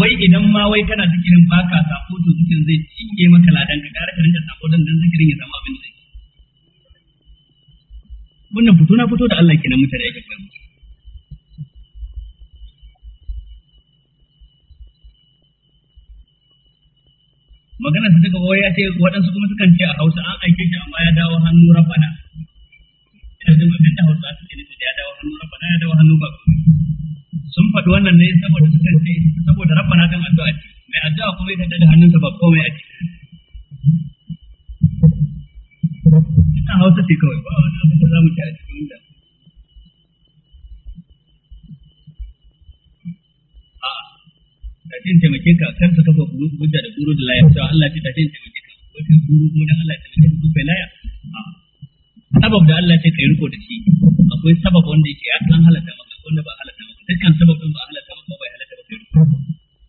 wai idan ma wai kana zikirin baka sako to zikirin zai cinye maka ladan ka gara ka rinka sako dan zikirin ya zama abin da wannan fito na fito da Allah kenan mutane ya kafa magana su daga waya ce waɗansu kuma sukan ce a hausa an aike shi amma ya dawo hannu rabana ina zama abin da hausa su ne ya dawo hannu rabana ya dawo hannu ba sun faɗi wannan ne saboda sukan ce saboda rabana kan addu'a ce mai addu'a kuma ita daga hannunsa ba komai a ina hausa ce kawai ba wani taimake ka kan su kafa hujja da guru da laya cewa Allah ce ta ce taimake ka wata guru kuma dan Allah ta ce ka kai laya sabab da Allah ce kai riko da shi akwai sabab wanda yake an halatta maka wanda ba halatta maka dukkan sabab din ba halatta maka ba halatta maka kai riko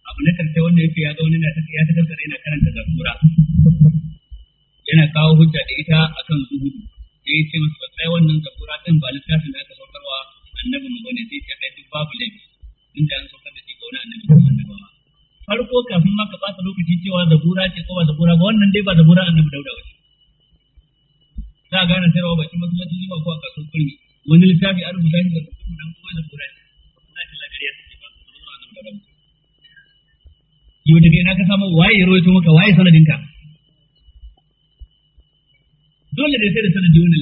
abu na karshe wanda yake ya ga wani na ta ya ta karanta zakura yana kawo hujja da ita dai ba da annabi dauda ba za a gane sayarwa bakin ko a kasuwar kurmi wani littafi an rubuta shi da rubutun kuma da ta ba da annabi ka samu waye ya rawaito maka waye sanadinka dole da sai da sanadin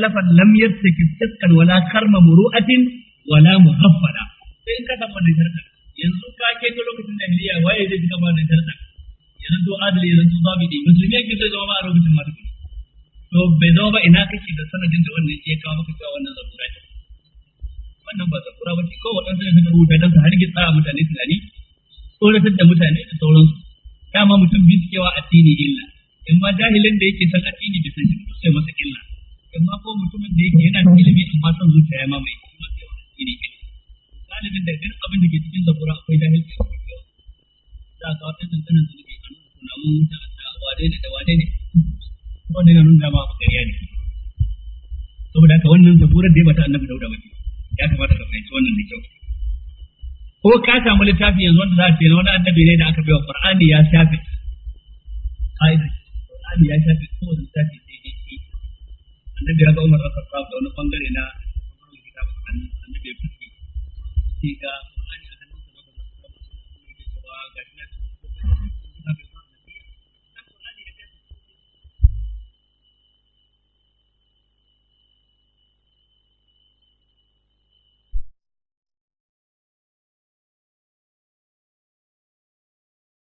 مكلفا لم يرتك fiskan wala karma muru'atin wala muhaffala فإن in ka samu wannan كاكي yanzu ke ta lokacin jahiliya waye zai fita wannan ضابدي yanzu to adali yanzu to zabidi musulmi yake zai zama a lokacin ma tukuna to bai zama ba ina kake da sanadin da wannan ya kawo cewa wannan zabura wannan ba zabura ba ce ko waɗansu ne suka rubuta don su hargitsa a mutane tunani tsoratar da mutane da sauransu dama mutum biyu addini illa in ma jahilin da yake son addini littafi yanzu wanda za a ce wani annabi ne da aka bai wa qur'ani ya shafe